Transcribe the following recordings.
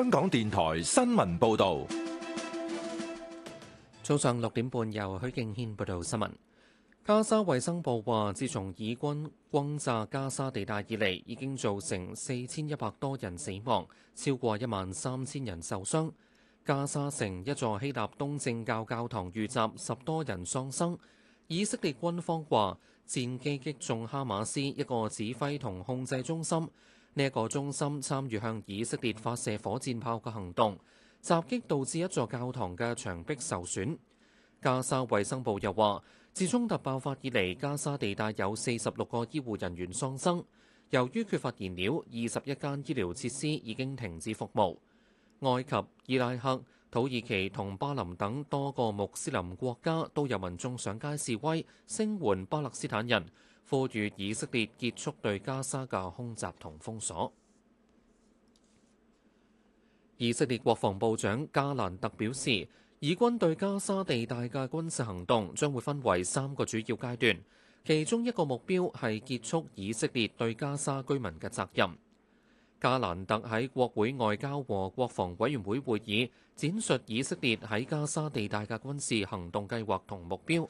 香港電台新聞報道，早上六點半，由許敬軒報道新聞。加沙衛生部話，自從以軍轟炸加沙地帶以嚟，已經造成四千一百多人死亡，超過一萬三千人受傷。加沙城一座希臘東正教教堂遇襲，十多人喪生。以色列軍方話，戰機擊中哈馬斯一個指揮同控制中心。呢一個中心參與向以色列發射火箭炮嘅行動襲擊，導致一座教堂嘅牆壁受損。加沙衞生部又話，自衝突爆發以嚟，加沙地帶有四十六個醫護人員喪生。由於缺乏燃料，二十一間醫療設施已經停止服務。埃及、伊拉克、土耳其同巴林等多個穆斯林國家都有民眾上街示威，聲援巴勒斯坦人。呼籲以色列結束對加沙嘅空襲同封鎖。以色列國防部長加蘭特表示，以軍對加沙地帶嘅軍事行動將會分為三個主要階段，其中一個目標係結束以色列對加沙居民嘅責任。加蘭特喺國會外交和國防委員會會議展述以色列喺加沙地帶嘅軍事行動計劃同目標。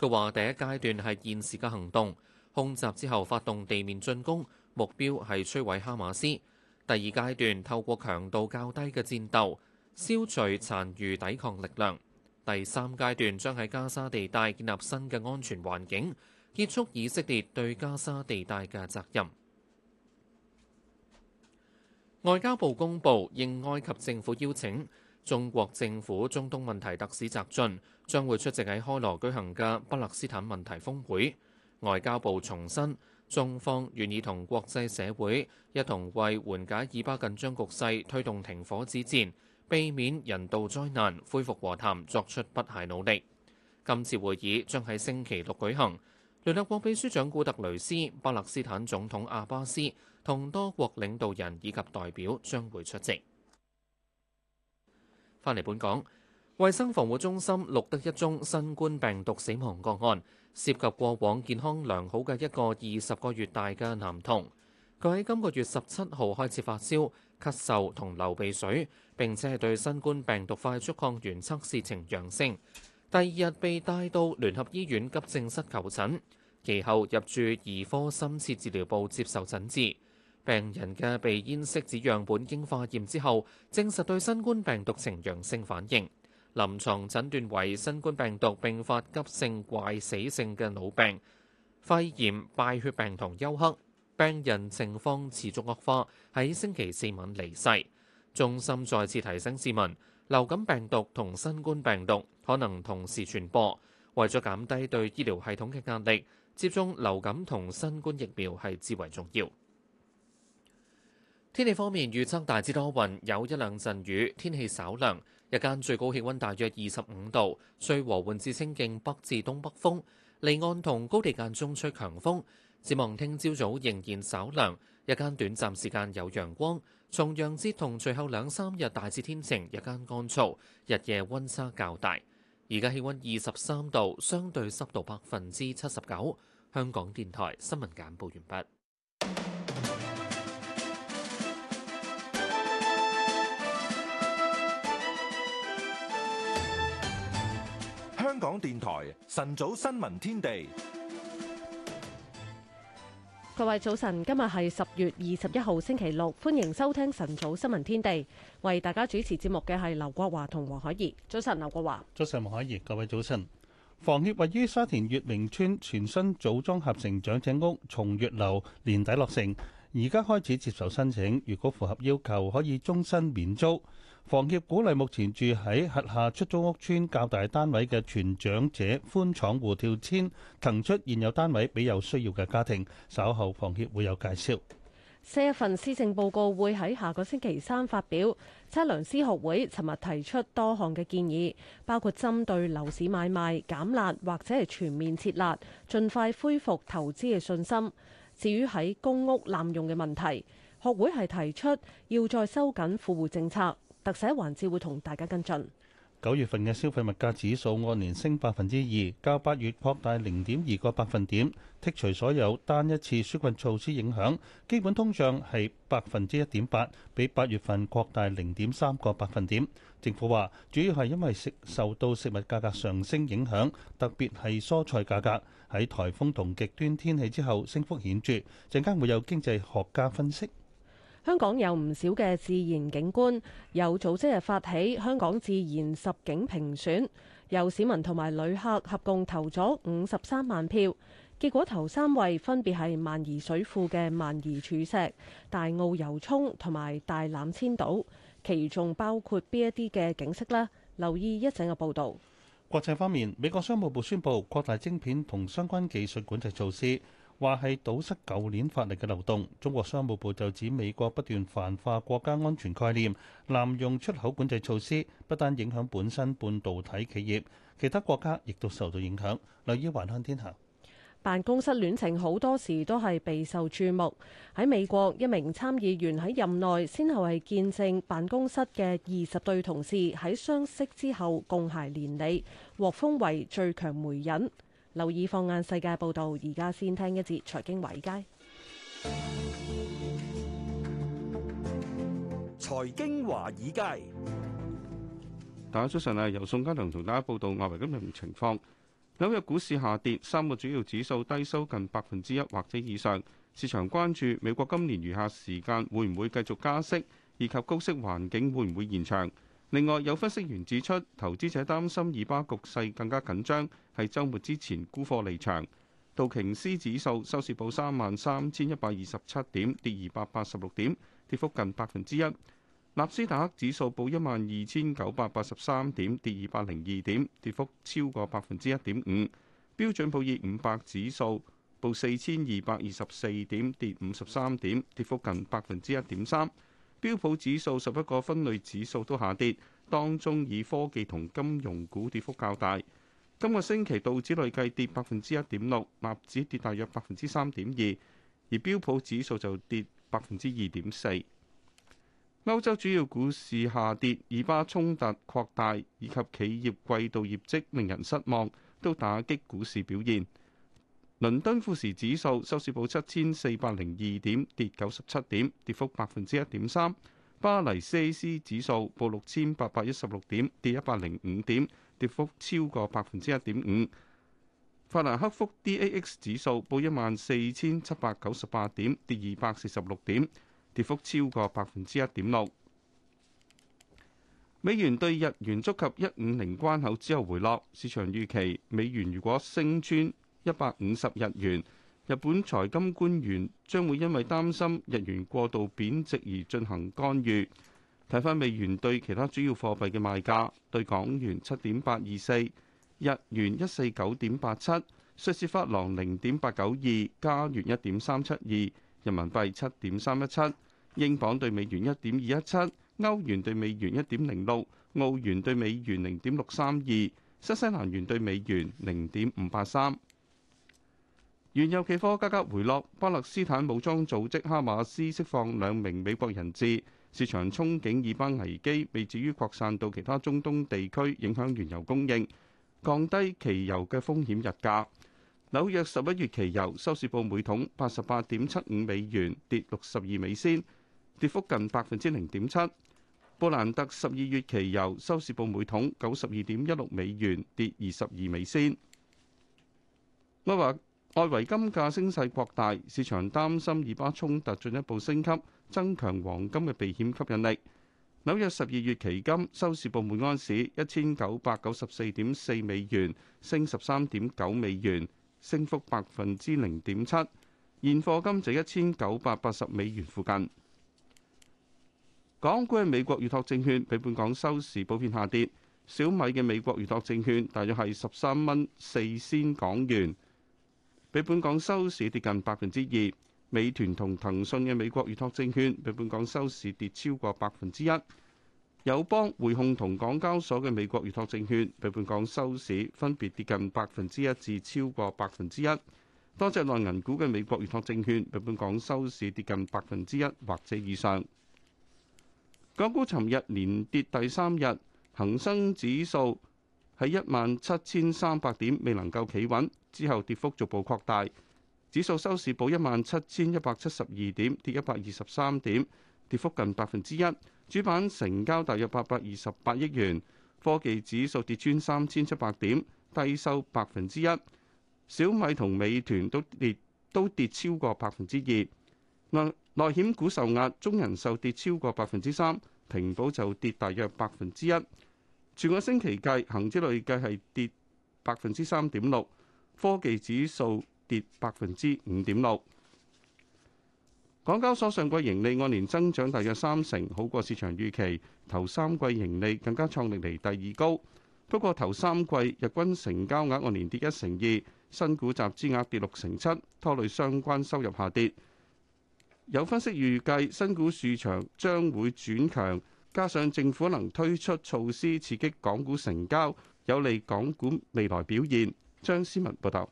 佢話：第一階段係現時嘅行動。空襲之後，發動地面進攻，目標係摧毀哈馬斯。第二階段透過強度較低嘅戰鬥，消除殘餘抵抗力量。第三階段將喺加沙地帶建立新嘅安全環境，結束以色列對加沙地帶嘅責任。外交部公佈，應埃及政府邀請，中國政府中東問題特使翟俊將會出席喺開羅舉行嘅巴勒斯坦問題峰會。外交部重申，中方願意同國際社會一同為緩解以巴緊張局勢、推動停火止戰、避免人道災難、恢復和談作出不懈努力。今次會議將喺星期六舉行，聯合國秘書長古特雷斯、巴勒斯坦總統阿巴斯同多國領導人以及代表將會出席。翻嚟本港，衛生防護中心錄得一宗新冠病毒死亡個案。涉及過往健康良好嘅一個二十個月大嘅男童，佢喺今個月十七號開始發燒、咳嗽同流鼻水，並且係對新冠病毒快速抗原測試呈陽性。第二日被帶到聯合醫院急症室求診，其後入住兒科深切治療部接受診治。病人嘅鼻咽拭子樣本經化驗之後，證實對新冠病毒呈陽性反應。臨床診斷為新冠病毒併發急性壞死性嘅腦病、肺炎、敗血病同休克，病人情況持續惡化，喺星期四晚離世。中心再次提醒市民，流感病毒同新冠病毒可能同時傳播，為咗減低對醫療系統嘅壓力，接種流感同新冠疫苗係至為重要。天氣方面預測大致多雲，有一兩陣雨，天氣稍涼。日間最高氣溫大約二十五度，吹和緩至清勁北至東北風，離岸同高地間中吹強風。展望聽朝早，早仍然稍涼，日間短暫時間有陽光，重陽節同最後兩三日大致天晴，日間乾燥，日夜溫差較大。而家氣溫二十三度，相對濕度百分之七十九。香港電台新聞簡報完畢。香港電台晨早新聞天地，各位早晨，今日係十月二十一號星期六，歡迎收聽晨早新聞天地，為大家主持節目嘅係劉國華同黃海怡。早晨，劉國華，早晨，黃海怡，各位早晨。房協位於沙田乙明邨全新組裝合成長者屋松悅樓年底落成，而家開始接受申請，如果符合要求，可以終身免租。房協鼓勵目前住喺轄下出租屋邨較大單位嘅全長者寬敞戶調遷，騰出現有單位俾有需要嘅家庭。稍後房協會有介紹。新一份施政報告會喺下個星期三發表。測量師學會尋日提出多項嘅建議，包括針對樓市買賣減辣或者係全面撤辣、盡快恢復投資嘅信心。至於喺公屋濫用嘅問題，學會係提出要再收緊富戶政策。特寫環節會同大家跟進。九月份嘅消費物價指數按年升百分之二，較八月擴大零點二個百分點。剔除所有單一次紓困措施影響，基本通脹係百分之一點八，比八月份擴大零點三個百分點。政府話主要係因為食受到食物價格上升影響，特別係蔬菜價格喺颱風同極端天氣之後升幅顯著。陣間會有經濟學家分析。香港有唔少嘅自然景觀，有組織日發起香港自然十景評選，由市民同埋旅客合共投咗五十三萬票，結果頭三位分別係萬宜水庫嘅萬宜柱石、大澳油湧同埋大欖千島，其中包括邊一啲嘅景色呢？留意一陣嘅報導。國際方面，美國商務部宣布擴大晶片同相關技術管制措施。話係堵塞舊年發力嘅漏洞，中國商務部就指美國不斷繁化國家安全概念，濫用出口管制措施，不單影響本身半導體企業，其他國家亦都受到影響。留意《環商天下》。辦公室戀情好多時都係備受注目。喺美國，一名參議員喺任內，先後係見證辦公室嘅二十對同事喺相識之後共偕連理，獲封為最強媒人。留意放眼世界報道，而家先聽一節財經華爾街。財經華爾街，大家早晨啊！由宋嘉良同大家報道外圍金融情況。紐約股市下跌，三個主要指數低收近百分之一或者以上。市場關注美國今年餘下時間會唔會繼續加息，以及高息環境會唔會延長。另外，有分析員指出，投資者擔心以巴局勢更加緊張，係週末之前沽貨離場。道瓊斯指數收市報三萬三千一百二十七點，跌二百八十六點，跌幅近百分之一。納斯達克指數報一萬二千九百八十三點，跌二百零二點，跌幅超過百分之一點五。標準普爾五百指數報四千二百二十四點，跌五十三點，跌幅近百分之一點三。標普指數十一個分類指數都下跌，當中以科技同金融股跌幅較大。今個星期道指累計跌百分之一點六，納指跌大約百分之三點二，而標普指數就跌百分之二點四。歐洲主要股市下跌，以巴衝突擴大，以及企業季度業績令人失望，都打擊股市表現。倫敦富時指數收市報七千四百零二點，跌九十七點，跌幅百分之一點三。巴黎 CAC 指數報六千八百一十六點，跌一百零五點，跌幅超過百分之一點五。法蘭克福 DAX 指數報一萬四千七百九十八點，跌二百四十六點，跌幅超過百分之一點六。美元對日元觸及一五零關口之後回落，市場預期美元如果升穿一百五十日元，日本財金官員將會因為擔心日元過度貶值而進行干預。睇返美元對其他主要貨幣嘅賣價，對港元七點八二四，日元一四九點八七，瑞士法郎零點八九二，加元一點三七二，人民幣七點三一七，英鎊對美元一點二一七，歐元對美元一點零六，澳元對美元零點六三二，新西蘭元對美元零點五八三。原油期貨價格回落。巴勒斯坦武裝組織哈馬斯釋放兩名美國人質。市場憧憬以巴危機未至於擴散到其他中東地區，影響原油供應，降低期油嘅風險溢價。紐約十一月期油收市報每桶八十八點七五美元，跌六十二美仙，跌幅近百分之零點七。布蘭特十二月期油收市報每桶九十二點一六美元，跌二十二美仙。我話。外圍金價升勢擴大，市場擔心以巴衝突進一步升級，增強黃金嘅避險吸引力。紐約十二月期金收市報每安市一千九百九十四點四美元，升十三點九美元，升幅百分之零點七。現貨金就一千九百八十美元附近。港股嘅美國預託證券比本港收市普遍下跌，小米嘅美國預託證券大約係十三蚊四仙港元。比本港收市跌近百分之二，美團同騰訊嘅美國預託證券比本港收市跌超過百分之一，友邦匯控同港交所嘅美國預託證券比本港收市分別跌近百分之一至超過百分之一，多隻內銀股嘅美國預託證券比本港收市跌近百分之一或者以上，港股尋日連跌第三日，恒生指數喺一萬七千三百點未能夠企穩，之後跌幅逐步擴大。指數收市報一萬七千一百七十二點，跌一百二十三點，跌幅近百分之一。主板成交大約八百二十八億元。科技指數跌穿三千七百點，低收百分之一。小米同美團都跌都跌超過百分之二。內內險股受壓，中人壽跌超過百分之三，平保就跌大約百分之一。全個星期計，恒指累計係跌百分之三點六，科技指數跌百分之五點六。港交所上季盈利按年增長大約三成，好過市場預期。頭三季盈利更加創歷來第二高。不過頭三季日均成交額按年跌一成二，新股集資額跌六成七，拖累相關收入下跌。有分析預計新股市場將會轉強。加上政府能推出措施刺激港股成交，有利港股未來表現。張思文報道，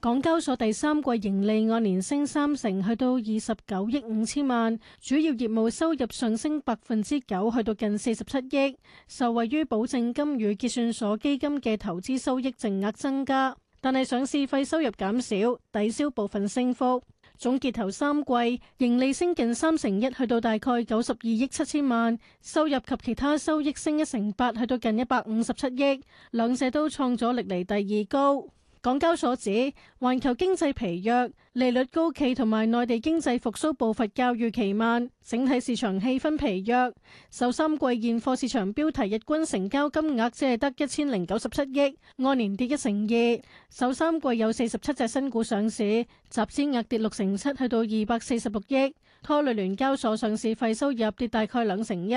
港交所第三季盈利按年升三成，去到二十九億五千萬，主要業務收入上升百分之九，去到近四十七億，受惠於保證金與結算所基金嘅投資收益淨額增加，但係上市費收入減少，抵消部分升幅。總結頭三季盈利升近三成一，去到大概九十二億七千萬，收入及其他收益升一成八，去到近一百五十七億，兩者都創咗歷嚟第二高。港交所指，環球經濟疲弱，利率高企，同埋內地經濟復甦步伐較預期慢，整體市場氣氛疲弱。首三季現貨市場標題日均成交金額只係得一千零九十七億，按年跌一成二。首三季有四十七隻新股上市，集資額跌六成七，去到二百四十六億。拖累聯交所上市費收入跌大概兩成一，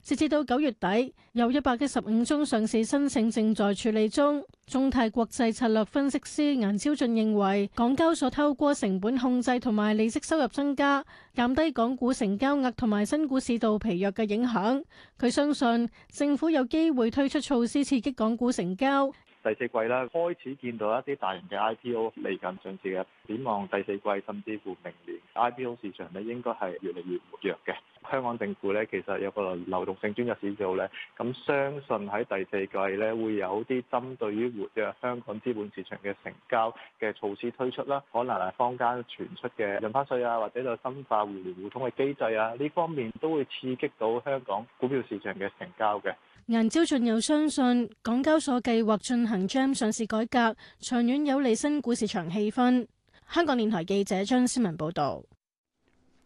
截至到九月底，有一百一十五宗上市申請正在處理中。中泰國際策略分析師顏超俊認為，港交所透過成本控制同埋利息收入增加，減低港股成交額同埋新股市道疲弱嘅影響。佢相信政府有機會推出措施刺激港股成交。第四季啦，開始見到一啲大型嘅 IPO 嚟緊上市嘅，展望第四季，甚至乎明年 IPO 市場咧應該係越嚟越活躍嘅。香港政府咧其實有個流動動性專責小組咧，咁相信喺第四季咧會有啲針對於活躍香港資本市場嘅成交嘅措施推出啦。可能係坊間傳出嘅印花稅啊，或者就深化互聯互通嘅機制啊，呢方面都會刺激到香港股票市場嘅成交嘅。銀朝俊又相信，港交所計劃進行 GEM 上市改革，長遠有利新股市場氣氛。香港電台記者張思文報道。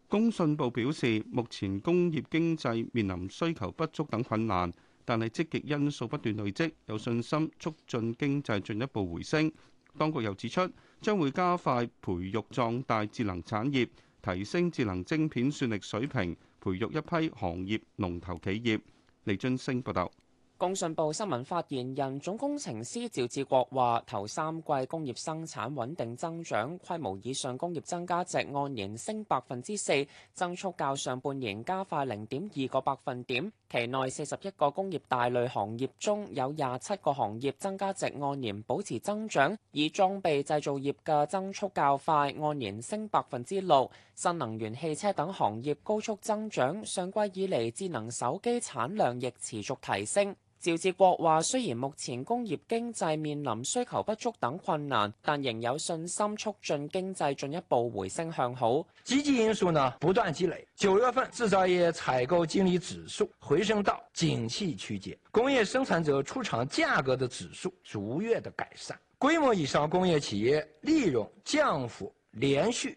工信部表示，目前工業經濟面臨需求不足等困難，但係積極因素不斷累積，有信心促進經濟進一步回升。當局又指出，將會加快培育壯大智能產業，提升智能晶片算力水平，培育一批行業龍頭企業。李津升報道，工信部新聞發言人總工程師趙志國話，頭三季工業生產穩定增長，規模以上工業增加值按年升百分之四，增速較上半年加快零點二個百分點。期內四十一個工業大類行業中有廿七個行業增加值按年保持增長，以裝備製造業嘅增速較快，按年升百分之六。新能源汽車等行業高速增長，上季以嚟，智能手機產量亦持續提升。趙志國話：雖然目前工業經濟面臨需求不足等困難，但仍有信心促進經濟進一步回升向好。積極因素呢，不斷積累。九月份製造業採購經理指數回升到景氣區間，工業生產者出廠價格的指數逐月的改善，規模以上工業企業利潤降幅連續。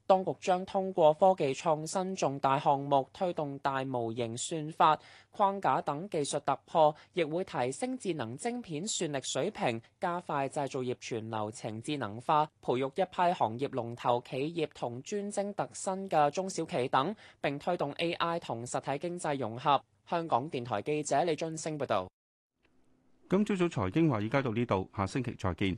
當局將通過科技創新重大項目推動大模型算法框架等技術突破，亦會提升智能晶片算力水平，加快製造業全流程智能化，培育一批行業龍頭企業同專精特新嘅中小企等，並推動 AI 同實體經濟融合。香港電台記者李俊升報道。今朝早，財經華爾街到呢度，下星期再見。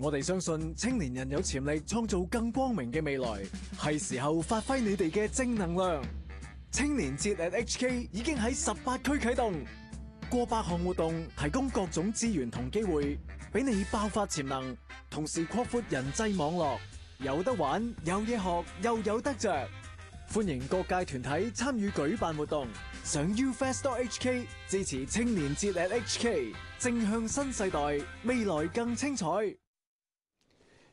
我哋相信青年人有潛力創造更光明嘅未來，係時候發揮你哋嘅正能量。青年節 at HK 已經喺十八區啟動，過百項活動提供各種資源同機會俾你爆發潛能，同時擴闊人際網絡。有得玩，有嘢學，又有，有得着。歡迎各界團體參與舉辦活動，上 UFest HK 支持青年節 at HK，正向新世代，未來更精彩。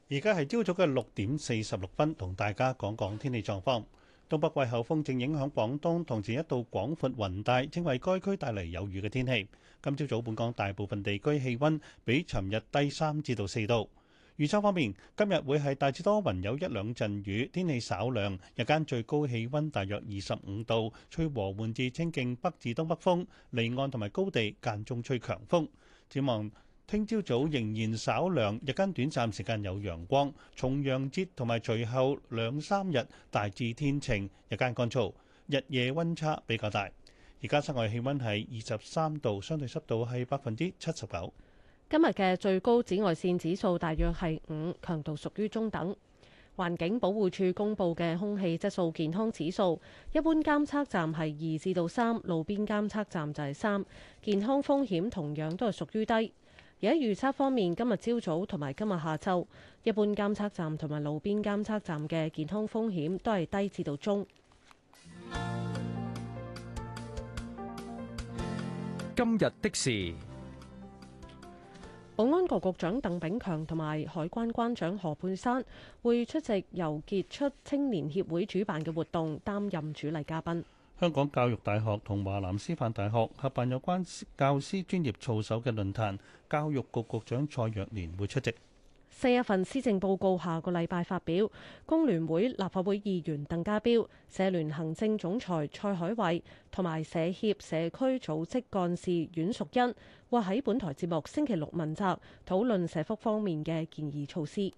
而家係朝早嘅六點四十六分，同大家講講天氣狀況。東北季候風正影響廣東，同時一道廣闊雲帶正為該區帶嚟有雨嘅天氣。今朝早本港大部分地區氣溫比尋日低三至到四度。預測方面，今日會係大致多雲，有一兩陣雨，天氣稍涼，日間最高氣溫大約二十五度，吹和緩至清勁北至東北風，離岸同埋高地間中吹強風。展望聽朝早，早仍然稍涼，日間短暫時間有陽光。重陽節同埋隨後兩三日大致天晴，日間乾燥，日夜溫差比較大。而家室外氣溫係二十三度，相對濕度係百分之七十九。今日嘅最高紫外線指數大約係五，強度屬於中等。環境保護處公布嘅空氣質素健康指數，一般監測站係二至到三，路邊監測站就係三，健康風險同樣都係屬於低。而喺預測方面，今日朝早同埋今日下晝，一般監測站同埋路邊監測站嘅健康風險都係低至到中。今日的事，保安局局長鄧炳強同埋海關關長何珮珊會出席由傑出青年協會主辦嘅活動，擔任主禮嘉賓。香港教育大學同華南師範大學合辦有關教師專業操守嘅論壇，教育局局長蔡若蓮會出席。四一份施政報告下個禮拜發表，工聯會立法會議員鄧家彪、社聯行政總裁蔡海偉同埋社協社區組織幹事阮淑欣話喺本台節目星期六問責，討論社福方面嘅建議措施。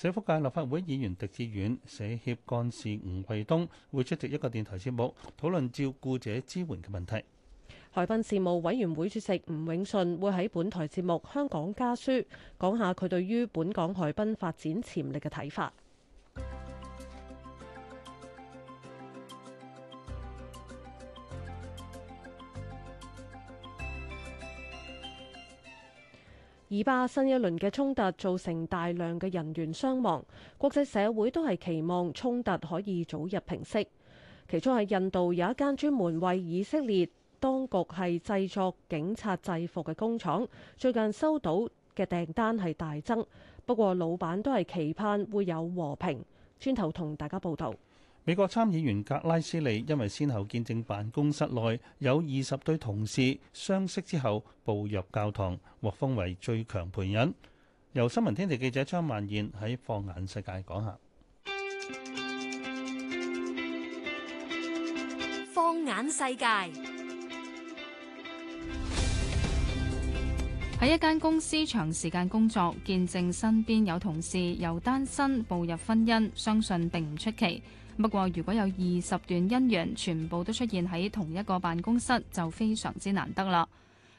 社福界立法會議員狄志遠、社協幹事吳衛東會出席一個電台節目，討論照顧者支援嘅問題。海濱事務委員會主席吳永信會喺本台節目《香港家書》講下佢對於本港海濱發展潛力嘅睇法。以巴新一輪嘅衝突造成大量嘅人員傷亡，國際社會都係期望衝突可以早日平息。其中喺印度有一間專門為以色列當局係製作警察制服嘅工廠，最近收到嘅訂單係大增。不過老闆都係期盼會有和平。轉頭同大家報道。美國參議員格拉斯利因為先後見證辦公室內有二十對同事相識之後步入教堂，獲封為「最強陪人」。由新聞天地記者張曼燕喺《放眼世界》講下。放眼世界，喺一間公司長時間工作，見證身邊有同事由單身步入婚姻，相信並唔出奇。不過，如果有二十段姻緣全部都出現喺同一個辦公室，就非常之難得啦。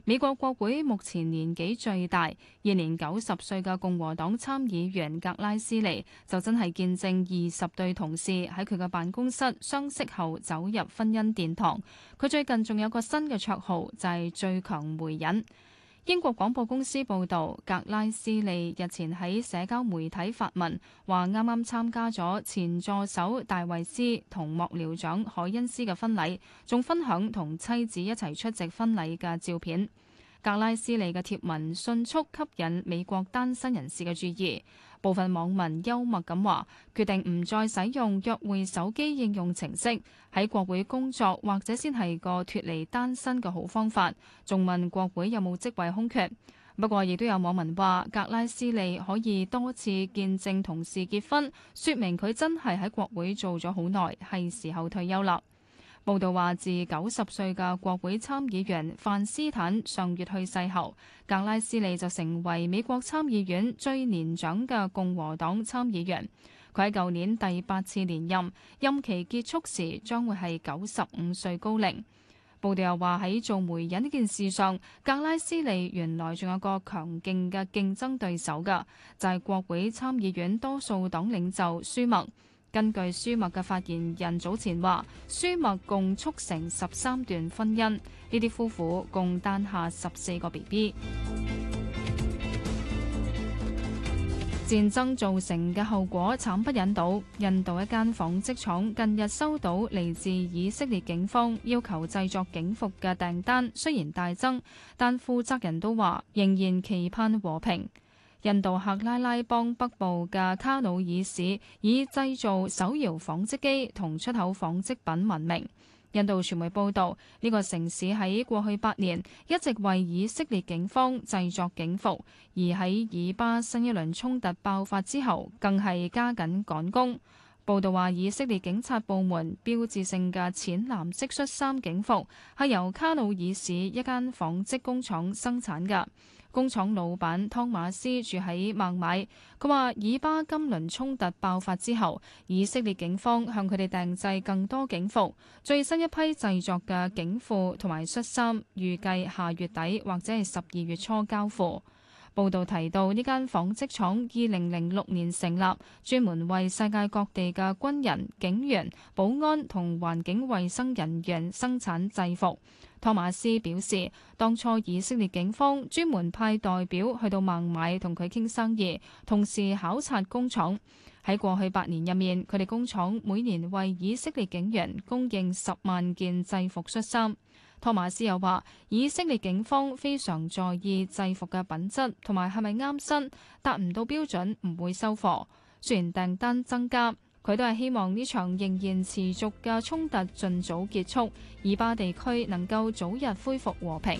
美國國會目前年紀最大、現年九十歲嘅共和黨參議員格拉斯利，就真係見證二十對同事喺佢嘅辦公室相識後走入婚姻殿堂。佢最近仲有個新嘅綽號，就係、是「最強媒人」。英國廣播公司報道，格拉斯利日前喺社交媒體發文，話啱啱參加咗前助手戴維斯同幕僚長海恩斯嘅婚禮，仲分享同妻子一齊出席婚禮嘅照片。格拉斯利嘅貼文迅速吸引美國單身人士嘅注意。部分網民幽默咁話，決定唔再使用約會手機應用程式喺國會工作，或者先係個脫離單身嘅好方法。仲問國會有冇職位空缺。不過，亦都有網民話格拉斯利可以多次見證同事結婚，說明佢真係喺國會做咗好耐，係時候退休啦。報道話，自九十歲嘅國會參議員范斯坦上月去世後，格拉斯利就成為美國參議院最年長嘅共和黨參議員。佢喺舊年第八次連任，任期結束時將會係九十五歲高齡。報道又話，喺做媒人呢件事上，格拉斯利原來仲有個強勁嘅競爭對手㗎，就係國會參議院多數黨領袖舒默。根據舒默嘅發言人早前話，舒默共促成十三段婚姻，呢啲夫婦共誕下十四個 BB。戰爭造成嘅後果慘不忍睹。印度一間紡織廠近日收到嚟自以色列警方要求製作警服嘅訂單，雖然大增，但負責人都話仍然期盼和平。印度克拉拉邦北部嘅卡努爾市以製造手搖紡織機同出口紡織品聞名。印度傳媒報道，呢、這個城市喺過去八年一直為以色列警方製作警服，而喺以巴新一輪衝突爆發之後，更係加緊趕工。報道話，以色列警察部門標誌性嘅淺藍色恤衫警服係由卡努爾市一間紡織工廠生產㗎。工廠老闆湯馬斯住喺孟買，佢話以巴金輪衝突爆發之後，以色列警方向佢哋訂製更多警服。最新一批製作嘅警褲同埋恤衫，預計下月底或者係十二月初交付。報道提到呢間紡織廠二零零六年成立，專門為世界各地嘅軍人、警員、保安同環境衛生人員生產制服。托馬斯表示，當初以色列警方專門派代表去到孟買同佢傾生意，同時考察工廠。喺過去八年入面，佢哋工廠每年為以色列警員供應十萬件制服恤衫。托馬斯又話，以色列警方非常在意制服嘅品質同埋係咪啱身，達唔到標準唔會收貨。雖然訂單增加，佢都係希望呢場仍然持續嘅衝突盡早結束，以巴地區能夠早日恢復和平。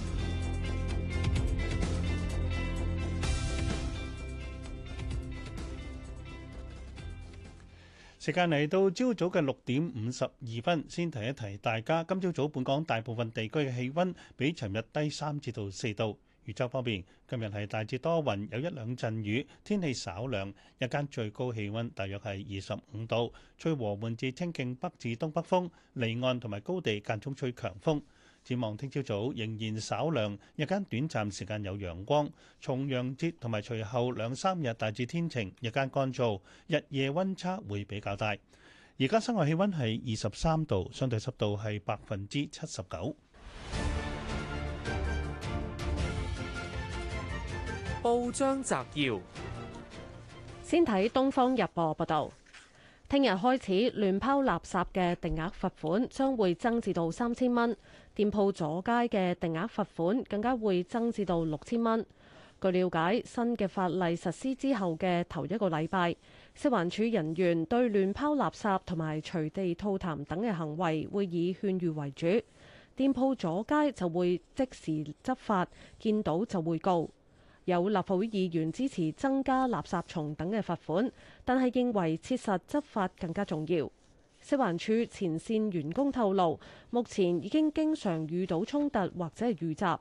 時間嚟到朝早嘅六點五十二分，先提一提大家，今朝早本港大部分地區嘅氣温比尋日低三至到四度。粵州方面，今日係大致多雲，有一兩陣雨，天氣稍涼，日間最高氣溫大約係二十五度，吹和緩至清勁北至東北風，離岸同埋高地間中吹強風。展望聽朝早仍然稍涼，日間短暫時間有陽光。重陽節同埋隨後兩三日大致天晴，日間乾燥，日夜溫差會比較大。而家室外氣溫係二十三度，相對濕度係百分之七十九。報章摘要，先睇《東方日報》報道，聽日開始亂拋垃圾嘅定額罰款將會增至到三千蚊，店鋪阻街嘅定額罰款更加會增至到六千蚊。據了解，新嘅法例實施之後嘅頭一個禮拜，食環署人員對亂拋垃圾同埋隨地吐痰等嘅行為會以勸喻為主，店鋪阻街就會即時執法，見到就會告。有立法會議員支持增加垃圾蟲等嘅罰款，但係認為切實執法更加重要。食環署前線員工透露，目前已經經常遇到衝突或者係遇襲，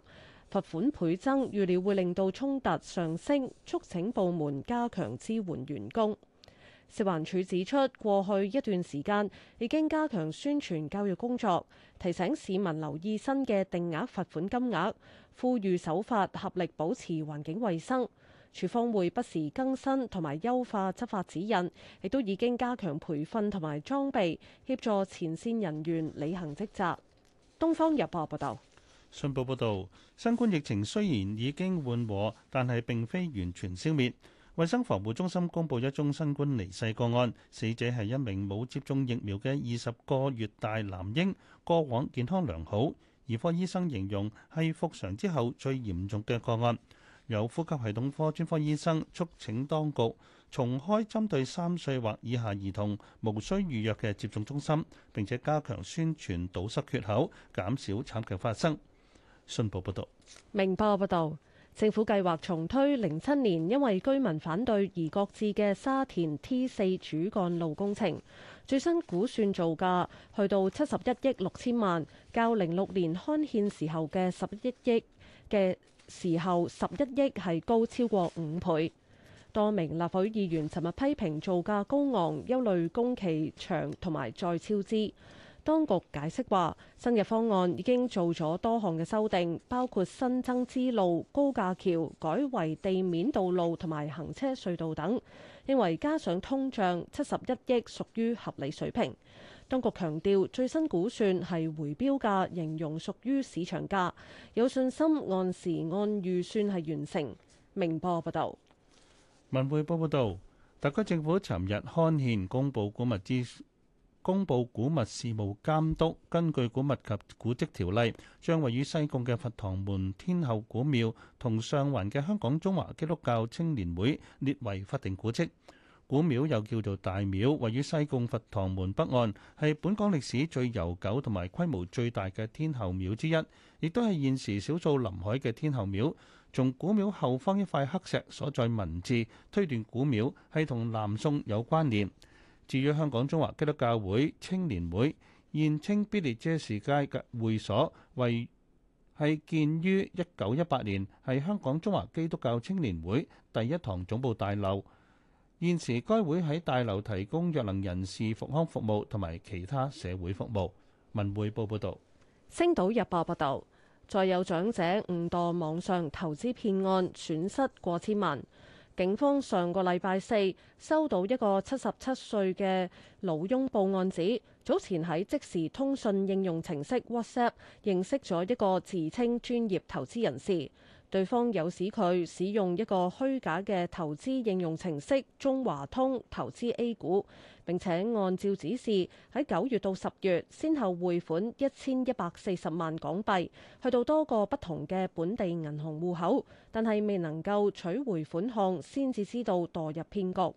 罰款倍增預料會令到衝突上升，促請部門加強支援員工。食環署指出，過去一段時間已經加強宣傳教育工作，提醒市民留意新嘅定額罰款金額，呼籲守法，合力保持環境衛生。署方會不時更新同埋優化執法指引，亦都已經加強培訓同埋裝備，協助前線人員履行職責。《東方日報》報道。《信報》報道，新冠疫情雖然已經緩和，但係並非完全消滅。衛生防護中心公布，一宗新冠離世個案，死者係一名冇接種疫苗嘅二十個月大男嬰，過往健康良好。兒科醫生形容係復常之後最嚴重嘅個案。有呼吸系統科專科醫生促請當局重開針對三歲或以下兒童無需預約嘅接種中心，並且加強宣傳堵塞缺口，減少慘劇發生。《信報》報道，《明報》報道。政府計劃重推零七年因為居民反對而擱置嘅沙田 T 四主幹路工程，最新估算造價去到七十一億六千萬，較零六年刊憲時候嘅十一億嘅時候十一億係高超過五倍。多名立法會議員尋日批評造價高昂，憂慮工期長同埋再超支。當局解釋話，新嘅方案已經做咗多項嘅修訂，包括新增支路、高架橋、改為地面道路同埋行車隧道等。認為加上通脹，七十一億屬於合理水平。當局強調，最新估算係回標價，形容屬於市場價，有信心按時按預算係完成。明報報道：文匯報報道，特區政府尋日刊憲公佈估物資。公布古物事務監督根據古物及古蹟條例，將位於西貢的佛堂門天后古廟同上環的香港中華基督教青年會列為法定古蹟。古廟又叫做大廟，位於西貢佛堂門北岸，係本港歷史最悠久同埋規模最大的天后廟之一，亦都係現時少數臨海的天后廟。從古廟後方一塊黑石所在文字推斷，古廟係同南宋有關聯。至於香港中華基督教會青年會，現稱必列者士街嘅會所為，為係建於一九一八年，係香港中華基督教青年會第一堂總部大樓。現時該會喺大樓提供弱能人士復康服務同埋其他社會服務。文匯報報道：《星島日報》報道，再有長者誤墮網上投資騙案，損失過千萬。警方上個禮拜四收到一個七十七歲嘅老翁報案，指早前喺即時通訊應用程式 WhatsApp 認識咗一個自稱專業投資人士。對方誘使佢使用一個虛假嘅投資應用程式「中華通」投資 A 股，並且按照指示喺九月到十月，先後匯款一千一百四十萬港幣去到多個不同嘅本地銀行戶口，但係未能夠取回款項，先至知道墮入騙局。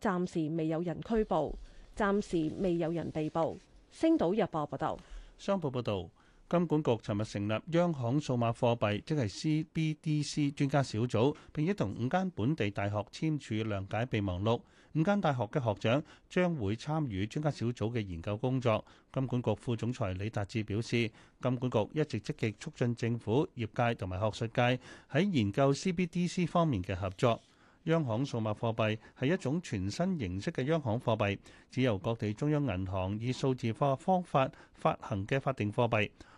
暫時未有人拘捕，暫時未有人被捕。星島日報報道。商報報導。金管局尋日成立央行數碼貨幣即係 CBDC 專家小組，並且同五間本地大學簽署諒解備忘錄。五間大學嘅學長將會參與專家小組嘅研究工作。金管局副總裁李達志表示，金管局一直積極促進政府、業界同埋學術界喺研究 CBDC 方面嘅合作。央行數碼貨幣係一種全新形式嘅央行貨幣，只由各地中央銀行以數字化方法發行嘅法定貨幣。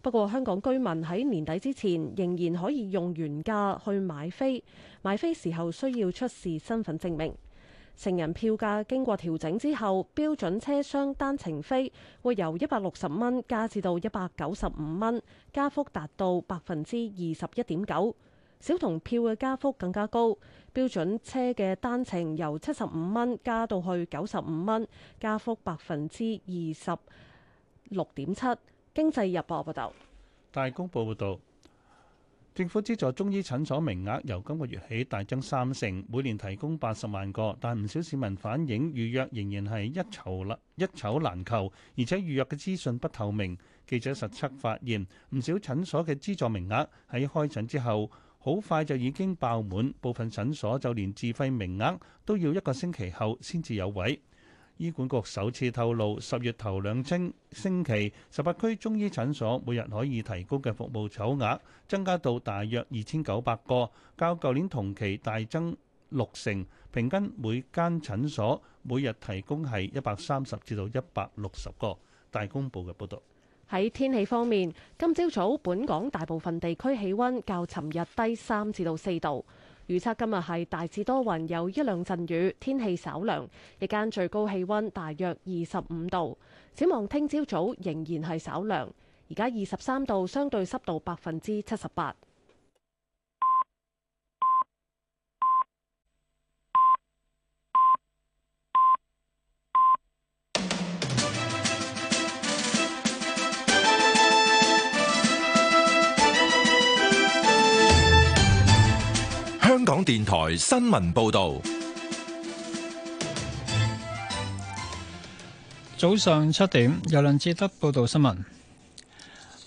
不過，香港居民喺年底之前仍然可以用原價去買飛，買飛時候需要出示身份證明。成人票價經過調整之後，標準車廂單程飛會由一百六十蚊加至到一百九十五蚊，加幅達到百分之二十一點九。小童票嘅加幅更加高，標準車嘅單程由七十五蚊加到去九十五蚊，加幅百分之二十六點七。經濟日報報道，大公報報道，政府資助中醫診所名額由今個月起大增三成，每年提供八十萬個，但唔少市民反映預約仍然係一籌難一籌難求，而且預約嘅資訊不透明。記者實測發現，唔少診所嘅資助名額喺開診之後好快就已經爆滿，部分診所就連自費名額都要一個星期後先至有位。醫管局首次透露，十月頭兩清星期，十八區中醫診所每日可以提供嘅服務籌額增加到大約二千九百個，較舊年同期大增六成，平均每間診所每日提供係一百三十至到一百六十個。大公報嘅報道。喺天氣方面，今朝早本港大部分地區氣温較尋日低三至到四度。預測今日係大致多雲，有一兩陣雨，天氣稍涼。日間最高氣溫大約二十五度。展望聽朝早仍然係稍涼。而家二十三度，相對濕度百分之七十八。香港電台新聞報道，早上七點，由梁志德報道新聞。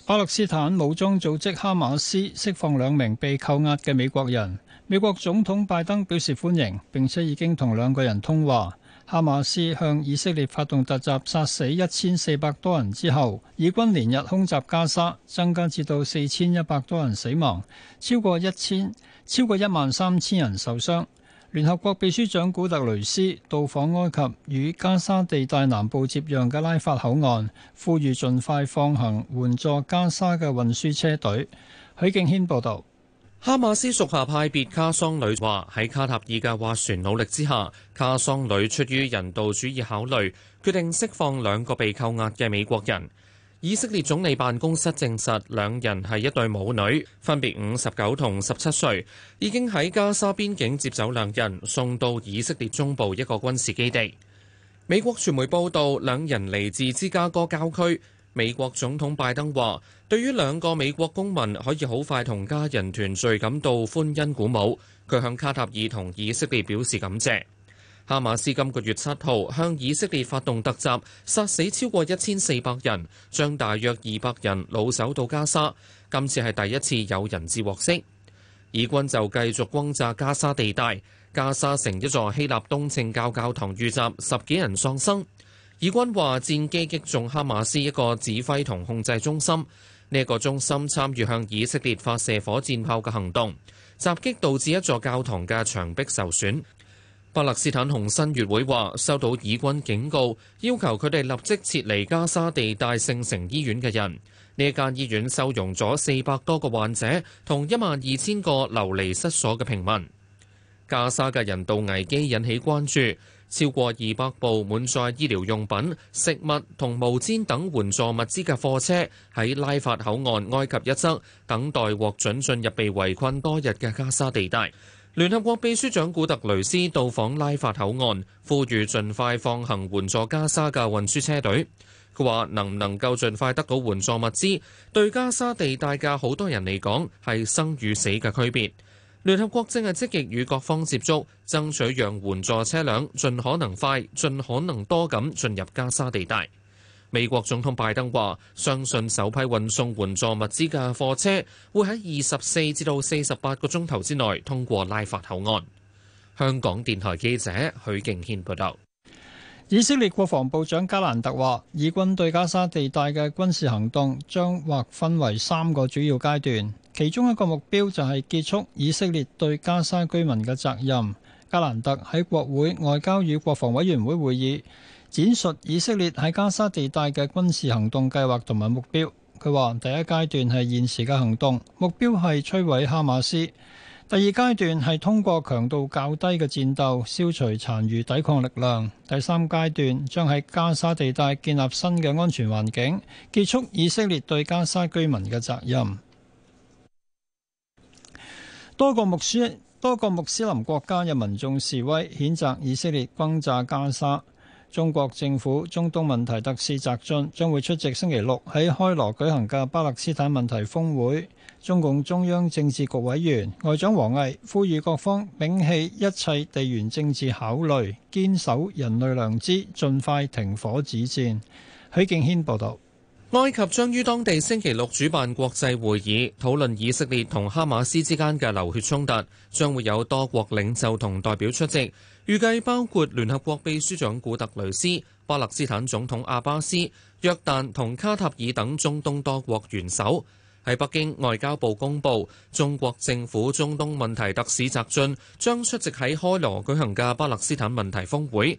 巴勒斯坦武裝組織哈馬斯釋放兩名被扣押嘅美國人，美國總統拜登表示歡迎，並且已經同兩個人通話。哈馬斯向以色列發動突襲，殺死一千四百多人之後，以軍連日空襲加沙，增加至到四千一百多人死亡，超過一千，超過一萬三千人受傷。聯合國秘書長古特雷斯到訪埃及與加沙地帶南部接壤嘅拉法口岸，呼籲盡快放行援助加沙嘅運輸車隊。許敬軒報導。哈馬斯屬下派別卡桑旅話：喺卡塔爾嘅斡旋努力之下，卡桑旅出於人道主義考慮，決定釋放兩個被扣押嘅美國人。以色列總理辦公室證實，兩人係一對母女，分別五十九同十七歲，已經喺加沙邊境接走兩人，送到以色列中部一個軍事基地。美國傳媒報道，兩人嚟自芝加哥郊區。美國總統拜登話：對於兩個美國公民可以好快同家人團聚，感到歡欣鼓舞。佢向卡塔爾同以色列表示感謝。哈馬斯今個月七號向以色列發動突襲，殺死超過一千四百人，將大約二百人擄走到加沙。今次係第一次有人質獲釋，以軍就繼續轟炸加沙地帶。加沙城一座希臘東正教教堂遇襲，十幾人喪生。以軍話戰機擊中哈馬斯一個指揮同控制中心，呢個中心參與向以色列發射火箭炮嘅行動。襲擊導致一座教堂嘅牆壁受損。巴勒斯坦紅新月會話收到以軍警告，要求佢哋立即撤離加沙地帶聖城醫院嘅人。呢間醫院收容咗四百多個患者，同一萬二千個流離失所嘅平民。加沙嘅人道危機引起關注，超過二百部滿載醫療用品、食物同毛氈等援助物資嘅貨車喺拉法口岸埃及一側等待獲准進入被圍困多日嘅加沙地帶。聯合國秘書長古特雷斯到訪拉法口岸，呼籲盡快放行援助加沙嘅運輸車隊。佢話：能唔能夠盡快得到援助物資，對加沙地帶嘅好多人嚟講係生與死嘅區別。聯合國正係積極與各方接觸，爭取讓援助車輛盡可能快、盡可能多咁進入加沙地帶。美國總統拜登話：相信首批運送援助物資嘅貨車會喺二十四至到四十八個鐘頭之內通過拉法口岸。香港電台記者許敬軒報道。以色列國防部長加蘭特話：以軍對加沙地帶嘅軍事行動將劃分為三個主要階段，其中一個目標就係結束以色列對加沙居民嘅責任。加蘭特喺國會外交與國防委員會會議。展述以色列喺加沙地帶嘅軍事行動計劃同埋目標。佢話，第一階段係現時嘅行動，目標係摧毀哈馬斯；第二階段係通過強度較低嘅戰鬥消除殘餘抵抗力量；第三階段將喺加沙地帶建立新嘅安全環境，結束以色列對加沙居民嘅責任。多個穆斯多個穆斯林國家嘅民眾示威，譴責以色列轟炸加沙。中國政府中東問題特使翟俊將會出席星期六喺開羅舉行嘅巴勒斯坦問題峰會。中共中央政治局委員、外長王毅呼籲各方摒棄一切地緣政治考慮，堅守人類良知，盡快停火止戰。許敬軒報道。埃及將於當地星期六舉辦國際會議，討論以色列同哈馬斯之間嘅流血衝突，將會有多國領袖同代表出席。預計包括聯合國秘書長古特雷斯、巴勒斯坦總統阿巴斯、約旦同卡塔爾等中東多國元首。喺北京外交部公佈，中國政府中東問題特使翟雋將出席喺開羅舉行嘅巴勒斯坦問題峰會。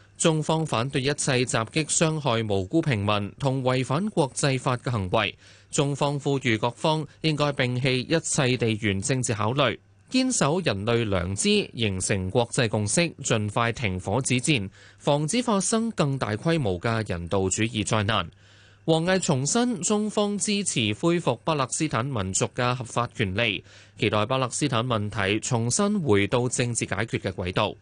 中方反對一切襲擊傷害無辜平民同違反國際法嘅行為。中方呼籲各方應該摒棄一切地緣政治考慮，堅守人類良知，形成國際共識，盡快停火止戰，防止發生更大規模嘅人道主義災難。王毅重申，中方支持恢復巴勒斯坦民族嘅合法權利，期待巴勒斯坦問題重新回到政治解決嘅軌道。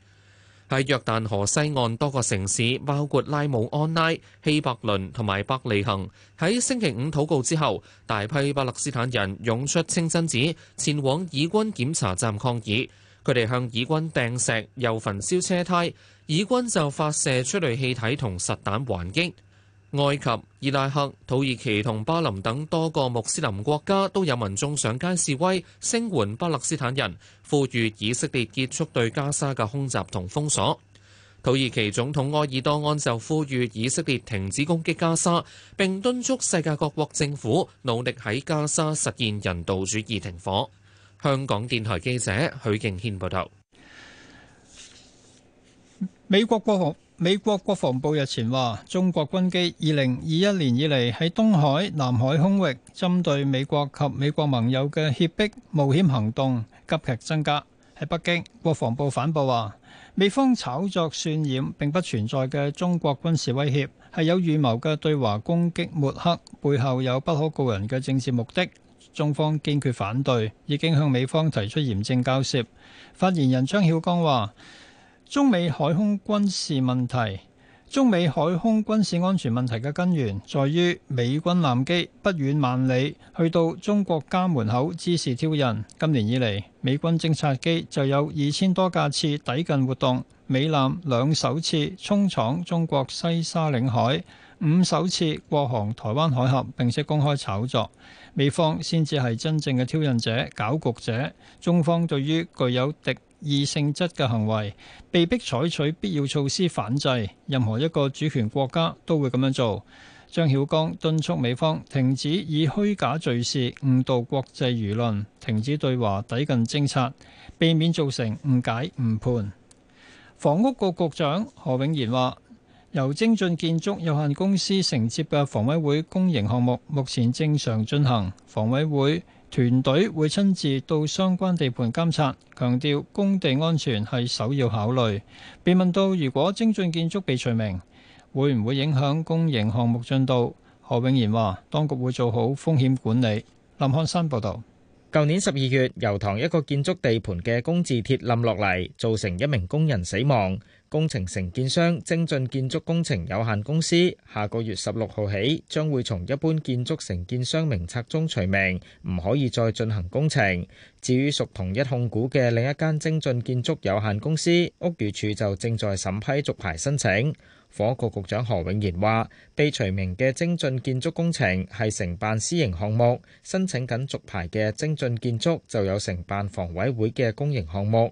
喺約旦河西岸多個城市，包括拉姆安拉、希伯倫同埋伯利恒，喺星期五禱告之後，大批巴勒斯坦人湧出清真寺，前往以軍檢查站抗議。佢哋向以軍掟石，又焚燒車胎，以軍就發射催淚氣體同實彈還擊。埃及、伊拉克、土耳其同巴林等多個穆斯林國家都有民眾上街示威，聲援巴勒斯坦人，呼籲以色列結束對加沙嘅空襲同封鎖。土耳其總統埃爾多安就呼籲以色列停止攻擊加沙，並敦促世界各國政府努力喺加沙實現人道主義停火。香港電台記者許敬軒報道。美國國防。美國國防部日前話，中國軍機2021年以嚟喺東海、南海空域針對美國及美國盟友嘅脅迫冒險行動急劇增加。喺北京，國防部反駁話，美方炒作渲染並不存在嘅中國軍事威脅，係有預謀嘅對華攻擊抹黑，背後有不可告人嘅政治目的。中方堅決反對，已經向美方提出嚴正交涉。發言人張曉剛話。中美海空軍事問題，中美海空軍事安全問題嘅根源，在於美軍艦機不遠萬里去到中國家門口滋事挑釁。今年以嚟，美軍偵察機就有二千多架次抵近活動，美艦兩首次衝闖中國西沙領海，五首次過航台灣海峽，並且公開炒作。美方先至係真正嘅挑釁者、搞局者。中方對於具有敵異性質嘅行為，被迫採取必要措施反制，任何一個主權國家都會咁樣做。張曉光敦促美方停止以虛假敘事誤導國際輿論，停止對華抵近偵察，避免造成誤解誤判。房屋局局長何永賢話：由精進建築有限公司承接嘅房委會公營項目，目前正常進行，房委會團隊會親自到相關地盤監察，強調工地安全係首要考慮。被問到如果精進建築被除名，會唔會影響公營項目進度？何永賢話：當局會做好風險管理。林漢山報導。舊年十二月，油塘一個建築地盤嘅工字鐵冧落嚟，造成一名工人死亡。工程承建商精進建築工程有限公司下個月十六號起，將會從一般建築承建商名冊中除名，唔可以再進行工程。至於屬同一控股嘅另一間精進建築有限公司，屋宇署就正在審批續牌申請。房屋局局長何永賢話：被除名嘅精進建築工程係承辦私營項目，申請緊續牌嘅精進建築就有承辦房委會嘅公營項目。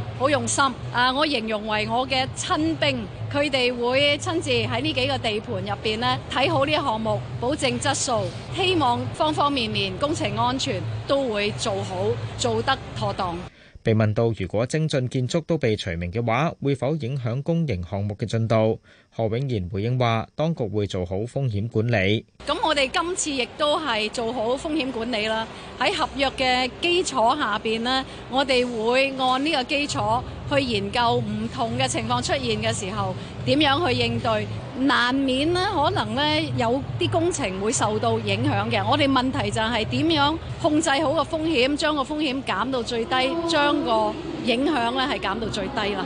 好用心啊！我形容為我嘅親兵，佢哋會親自喺呢幾個地盤入邊呢睇好呢個項目，保證質素，希望方方面面工程安全都會做好做得妥當。被問到如果精進建築都被除名嘅話，會否影響公營項目嘅進度？何永賢回應話，當局會做好風險管理。咁我哋今次亦都係做好風險管理啦。喺合約嘅基礎下邊呢，我哋會按呢個基礎去研究唔同嘅情況出現嘅時候，點樣去應對。難免呢，可能呢有啲工程會受到影響嘅。我哋問題就係點樣控制好個風險，將個風險減到最低，將個影響咧係減到最低啦。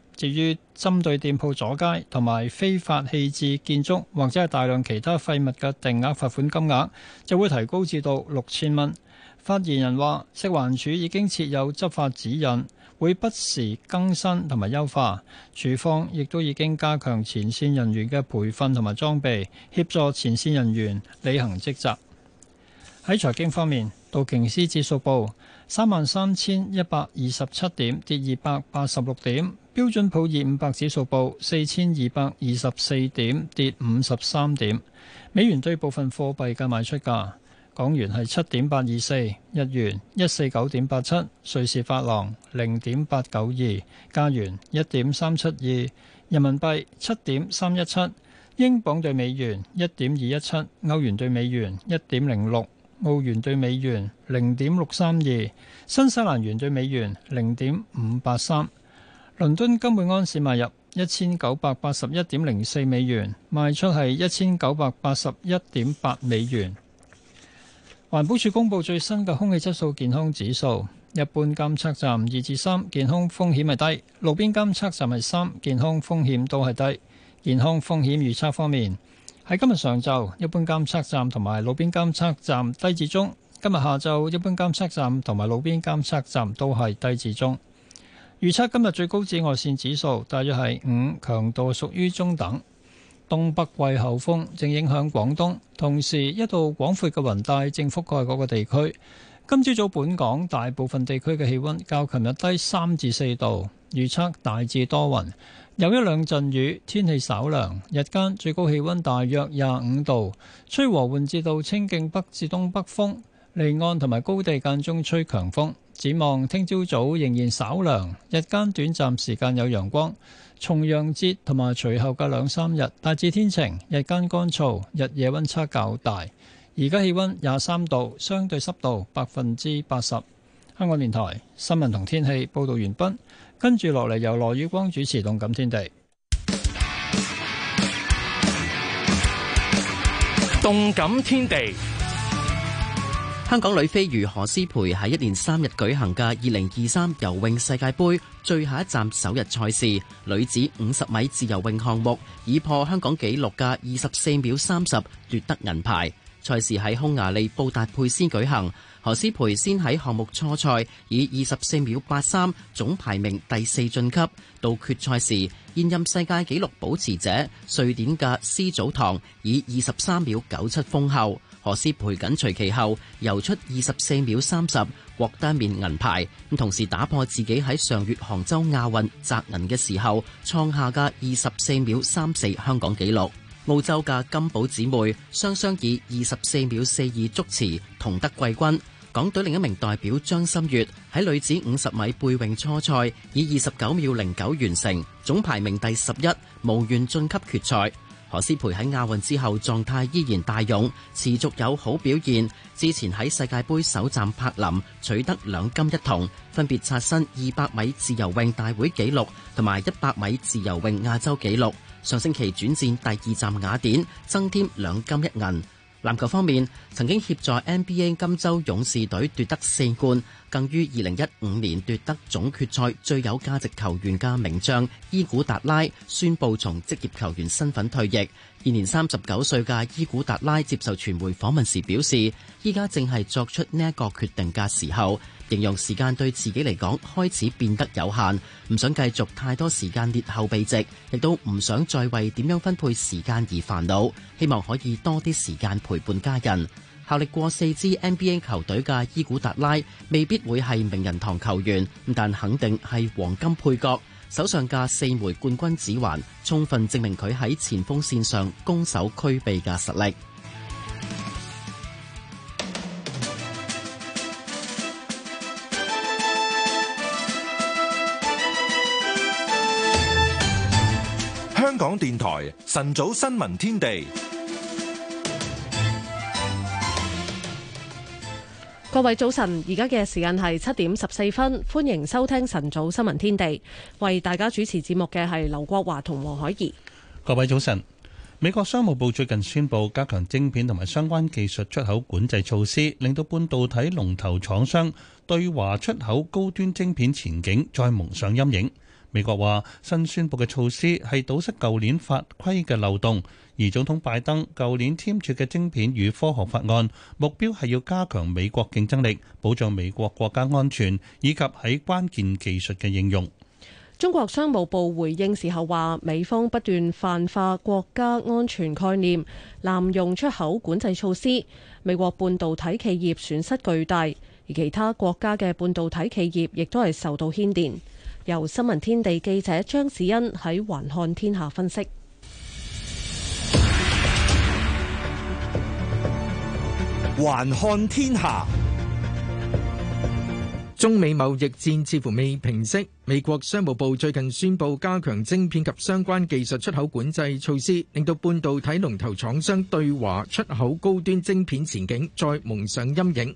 至於針對店鋪阻街同埋非法棄置建築或者係大量其他廢物嘅定額罰款金額，就會提高至到六千蚊。發言人話：食環署已經設有執法指引，會不時更新同埋優化。署方亦都已經加強前線人員嘅培訓同埋裝備，協助前線人員履行職責。喺財經方面，道瓊斯指數報，三萬三千一百二十七點，跌二百八十六點。標準普爾五百指數報四千二百二十四點，跌五十三點。美元對部分貨幣嘅賣出價：港元係七點八二四，日元一四九點八七，瑞士法郎零點八九二，加元一點三七二，人民幣七點三一七，英鎊對美元一點二一七，歐元對美元一點零六。澳元兌美元零點六三二，新西蘭元兌美元零點五八三，倫敦金每安士買入一千九百八十一點零四美元，賣出係一千九百八十一點八美元。環保署公布最新嘅空氣質素健康指數，一般監測站二至三，健康風險係低；路邊監測站係三，健康風險都係低。健康風險預測方面，喺今日上晝，一般監測站同埋路邊監測站低至中。今日下晝，一般監測站同埋路邊監測站都係低至中。預測今日最高紫外線指數大約係五，強度屬於中等。東北季候風正影響廣東，同時一道廣闊嘅雲帶正覆蓋嗰個地區。今朝早本港大部分地區嘅氣温較琴日低三至四度。預測大致多雲，有一兩陣雨，天氣稍涼，日間最高氣温大約廿五度，吹和緩至到清勁北至東北風，離岸同埋高地間中吹強風。展望聽朝早，早仍然稍涼，日間短暫時間有陽光。重陽節同埋隨後嘅兩三日大致天晴，日間乾燥，日夜温差較大。而家氣温廿三度，相對濕度百分之八十。香港電台新聞同天氣報導完畢。跟住落嚟，由羅宇光主持《動感天地》。《動感天地》，香港女飛魚何思培喺一連三日舉行嘅二零二三游泳世界杯最後一站首日賽事，女子五十米自由泳項目以破香港紀錄嘅二十四秒三十奪得銀牌。賽事喺匈牙利布達佩斯舉行。何詩蓓先喺項目初賽以二十四秒八三總排名第四晉級，到決賽時，現任世界紀錄保持者瑞典嘅施祖唐以二十三秒九七封后，何詩蓓緊隨其後游出二十四秒三十，獲得一面銀牌，同時打破自己喺上月杭州亞運摘銀嘅時候創下嘅二十四秒三四香港紀錄。澳洲嘅金寶姊妹雙雙以二十四秒四二足持，同得季軍。港隊另一名代表張心月喺女子五十米背泳初賽以二十九秒零九完成，總排名第十一，無緣晉級決賽。何詩蓓喺亞運之後狀態依然大勇，持續有好表現。之前喺世界杯首站柏林取得兩金一銅，分別刷新二百米自由泳大會紀錄同埋一百米自由泳亞洲紀錄。上星期轉戰第二站雅典，增添兩金一銀。籃球方面，曾經協助 NBA 金州勇士隊奪得四冠，更於二零一五年奪得總決賽最有價值球員嘅名將伊古達拉，宣布從職業球員身份退役。現年三十九歲嘅伊古達拉接受傳媒訪問時表示，依家正係作出呢一個決定嘅時候。形容時間對自己嚟講開始變得有限，唔想繼續太多時間列後備席，亦都唔想再為點樣分配時間而煩惱。希望可以多啲時間陪伴家人。效力過四支 NBA 球隊嘅伊古達拉，未必會係名人堂球員，但肯定係黃金配角。手上嘅四枚冠軍指環，充分證明佢喺前鋒線上攻守俱備嘅實力。港電台晨早新聞天地，各位早晨，而家嘅時間係七點十四分，歡迎收聽晨早新聞天地，為大家主持節目嘅係劉國華同黃海怡。各位早晨，美國商務部最近宣布加強晶片同埋相關技術出口管制措施，令到半導體龍頭廠商對華出口高端晶片前景再蒙上陰影。美國話新宣布嘅措施係堵塞舊年法規嘅漏洞，而總統拜登舊年簽署嘅晶片與科學法案目標係要加強美國競爭力，保障美國國家安全以及喺關鍵技術嘅應用。中國商務部回應時候話，美方不斷泛化國家安全概念，濫用出口管制措施，美國半導體企業損失巨大，而其他國家嘅半導體企業亦都係受到牽連。由新聞天地記者張子欣喺《橫看天下》分析，《橫看天下》中美貿易戰似乎未平息，美國商務部最近宣布加強晶片及相關技術出口管制措施，令到半導體龍頭廠商對華出口高端晶片前景再蒙上陰影。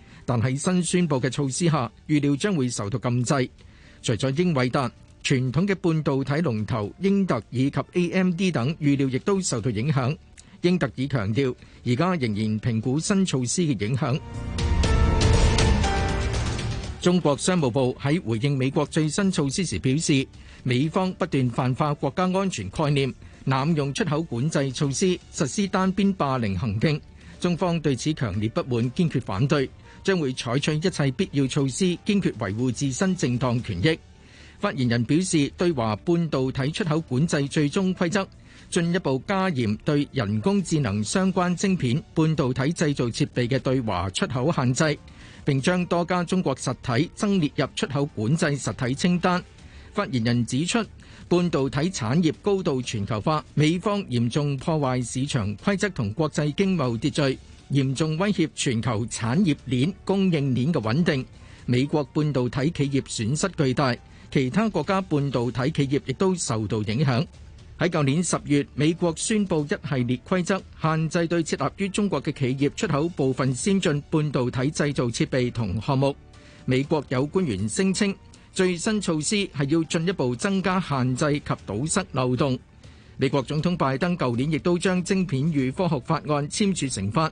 但喺新宣布嘅措施下，預料將會受到禁制。除咗英偉達，傳統嘅半導體龍頭英特爾及 AMD 等，預料亦都受到影響。英特爾強調，而家仍然評估新措施嘅影響。中國商務部喺回應美國最新措施時表示，美方不斷泛化國家安全概念，濫用出口管制措施，實施單邊霸凌行徑，中方對此強烈不滿，堅決反對。將會採取一切必要措施，堅決維護自身正當權益。發言人表示，對華半導體出口管制最終規則進一步加嚴，對人工智能相關晶片、半導體製造設備嘅對華出口限制，並將多家中國實體增列入出口管制實體清單。發言人指出，半導體產業高度全球化，美方嚴重破壞市場規則同國際經貿秩序。嚴重威脅全球產業鏈、供應鏈嘅穩定。美國半導體企業損失巨大，其他國家半導體企業亦都受到影響。喺舊年十月，美國宣布一系列規則，限制對設立於中國嘅企業出口部分先進半導體製造設備同項目。美國有官員聲稱，最新措施係要進一步增加限制及堵塞漏洞。美國總統拜登舊年亦都將晶片與科學法案簽署成法。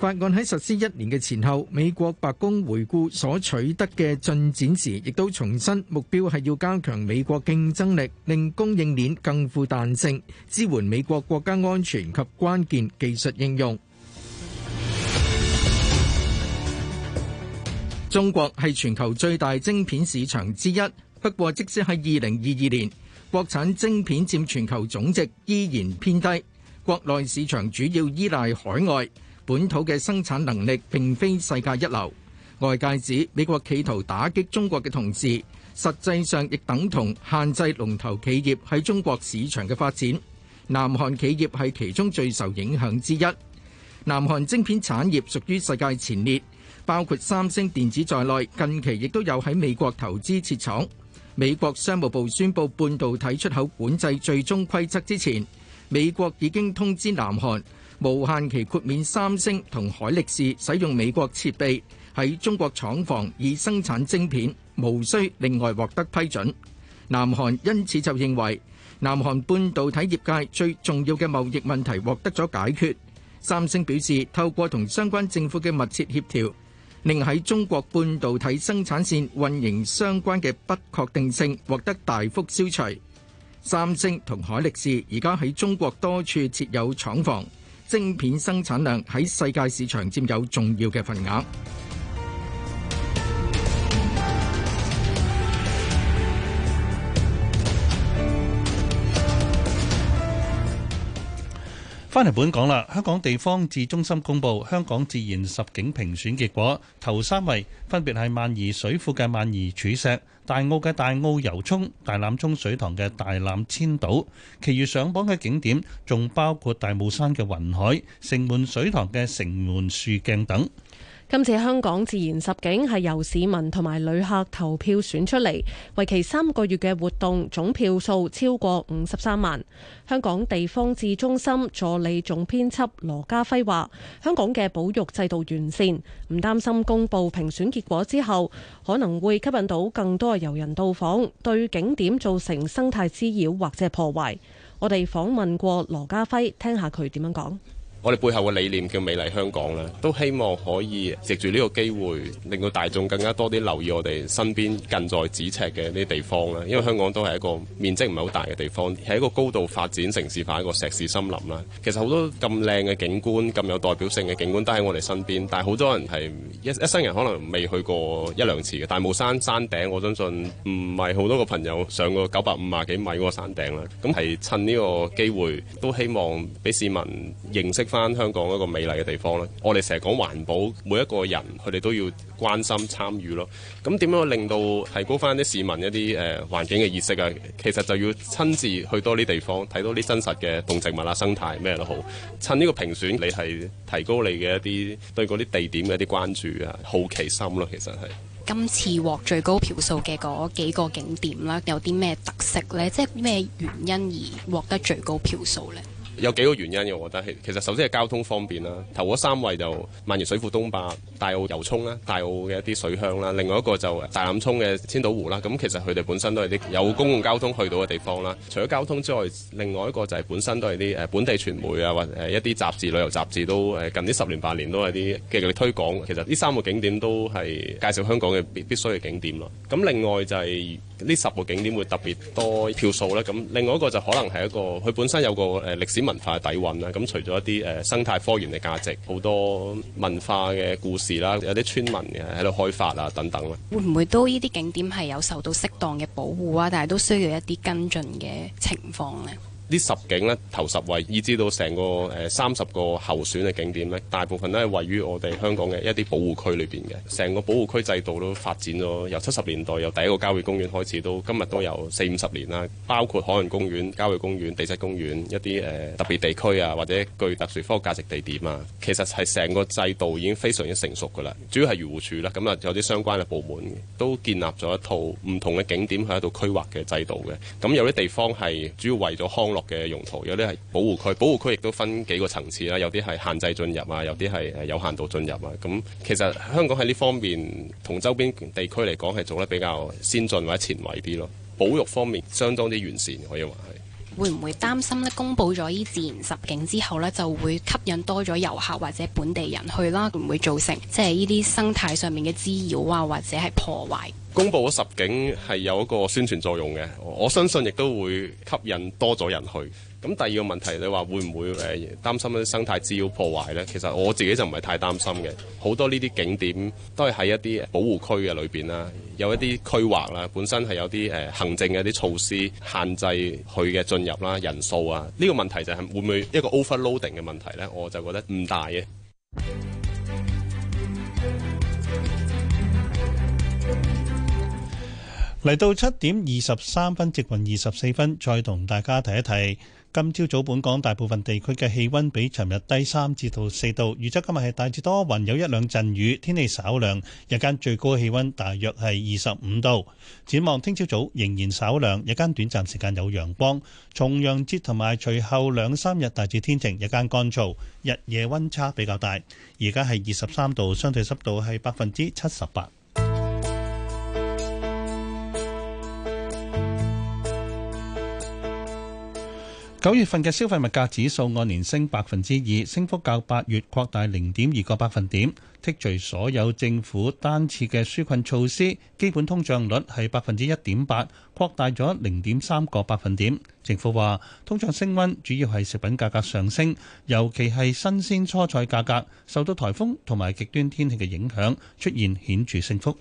法案喺實施一年嘅前後，美國白宮回顧所取得嘅進展時，亦都重申目標係要加強美國競爭力，令供應鏈更富彈性，支援美國國家安全及關鍵技術應用。中國係全球最大晶片市場之一，不過即使喺二零二二年，國產晶片佔全球總值依然偏低，國內市場主要依賴海外。本土嘅生產能力並非世界一流，外界指美國企圖打擊中國嘅同時，實際上亦等同限制龍頭企業喺中國市場嘅發展。南韓企業係其中最受影響之一。南韓晶片產業屬於世界前列，包括三星電子在內，近期亦都有喺美國投資設廠。美國商務部宣布半導體出口管制最終規則之前，美國已經通知南韓。無限期豁免三星同海力士使用美國設備喺中國廠房以生產晶片，無需另外獲得批准。南韓因此就認為，南韓半導體業界最重要嘅貿易問題獲得咗解決。三星表示，透過同相關政府嘅密切協調，令喺中國半導體生產線運營相關嘅不確定性獲得大幅消除。三星同海力士而家喺中國多處設有廠房。芯片生產量喺世界市場佔有重要嘅份額。翻嚟本港啦，香港地方志中心公布香港自然十景評選結果，頭三位分別係萬宜水庫嘅萬宜柱石、大澳嘅大澳遊涌、大欖涌水塘嘅大欖千島，其餘上榜嘅景點仲包括大霧山嘅雲海、城門水塘嘅城門樹鏡等。今次香港自然十景係由市民同埋旅客投票選出嚟，為期三個月嘅活動總票數超過五十三萬。香港地方志中心助理總編輯羅家輝話，香港嘅保育制度完善，唔擔心公布評選結果之後可能會吸引到更多遊人到訪對景點造成生態滋擾或者破壞。我哋訪問過羅家輝，聽下佢點樣講。我哋背後嘅理念叫美麗香港啦，都希望可以藉住呢個機會，令到大眾更加多啲留意我哋身邊近在咫尺嘅呢啲地方啦。因為香港都係一個面積唔係好大嘅地方，係一個高度發展城市化一個石屎森林啦。其實好多咁靚嘅景觀、咁有代表性嘅景觀都喺我哋身邊，但係好多人係一一生人可能未去過一兩次嘅。大帽山山頂，我相信唔係好多個朋友上過九百五啊幾米嗰個山頂啦。咁係趁呢個機會，都希望俾市民認識。返香港一個美麗嘅地方咧，我哋成日講環保，每一個人佢哋都要關心參與咯。咁點樣令到提高返啲市民一啲誒、呃、環境嘅意識啊？其實就要親自去多啲地方，睇多啲真實嘅動植物啦、生態咩都好。趁呢個評選，你係提高你嘅一啲對嗰啲地點嘅一啲關注啊、好奇心咯。其實係今次獲最高票數嘅嗰幾個景點啦，有啲咩特色呢？即係咩原因而獲得最高票數呢？有幾個原因嘅，我覺得其實首先係交通方便啦。頭嗰三位就萬宜水庫東壩、大澳遊涌啦、大澳嘅一啲水鄉啦，另外一個就大欖涌嘅千島湖啦。咁其實佢哋本身都係啲有公共交通去到嘅地方啦。除咗交通之外，另外一個就係本身都係啲誒本地傳媒啊，或者一啲雜誌、旅遊雜誌都誒近呢十年八年都係啲積極推廣。其實呢三個景點都係介紹香港嘅必必須嘅景點咯。咁另外就係、是。呢十個景點會特別多票數啦。咁另外一個就可能係一個佢本身有個誒歷史文化嘅底蘊啦。咁除咗一啲誒生態科研嘅價值，好多文化嘅故事啦，有啲村民嘅喺度開發啊等等啦。會唔會都呢啲景點係有受到適當嘅保護啊？但係都需要一啲跟進嘅情況呢。呢十景呢，頭十位，以至到成個誒三十個候選嘅景點咧，大部分都係位於我哋香港嘅一啲保護區裏邊嘅。成個保護區制度都發展咗，由七十年代由第一個郊野公園開始，到今日都有四五十年啦。包括海洋公園、郊野公園、地質公園一啲誒、呃、特別地區啊，或者具特殊科學價值地點啊，其實係成個制度已經非常之成熟噶啦。主要係漁護署啦，咁啊有啲相關嘅部門都建立咗一套唔同嘅景點喺一套規劃嘅制度嘅。咁有啲地方係主要為咗康樂，嘅用途有啲係保護區，保護區亦都分幾個層次啦。有啲係限制進入啊，有啲係誒有限度進入啊。咁其實香港喺呢方面同周邊地區嚟講，係做得比較先進或者前衛啲咯。保育方面相當之完善，可以話係。會唔會擔心咧？公佈咗依自然十景之後咧，就會吸引多咗遊客或者本地人去啦，會唔會造成即係呢啲生態上面嘅滋擾啊，或者係破壞？公佈咗十景係有一個宣傳作用嘅，我相信亦都會吸引多咗人去。咁第二個問題，你話會唔會誒擔心啲生態資料破壞呢？其實我自己就唔係太擔心嘅。好多呢啲景點都係喺一啲保護區嘅裏面啦，有一啲區劃啦，本身係有啲誒行政嘅啲措施限制佢嘅進入啦、人數啊。呢、這個問題就係會唔會一個 overloading 嘅問題呢？我就覺得唔大嘅。嚟到七點二十三分、接近二十四分，再同大家提一提。今朝早，本港大部分地區嘅氣溫比尋日低三至到四度。預測今日係大致多雲，有一兩陣雨，天氣稍涼，日間最高氣溫大約係二十五度。展望聽朝早仍然稍涼，日間短暫時間有陽光。重陽節同埋隨後兩三日大致天晴，日間乾燥，日夜溫差比較大。而家係二十三度，相對濕度係百分之七十八。九月份嘅消費物價指數按年升百分之二，升幅較八月擴大零點二個百分點。剔除所有政府單次嘅紓困措施，基本通脹率係百分之一點八，擴大咗零點三個百分點。政府話通脹升溫主要係食品價格上升，尤其係新鮮蔬菜價格受到台風同埋極端天氣嘅影響，出現顯著升幅。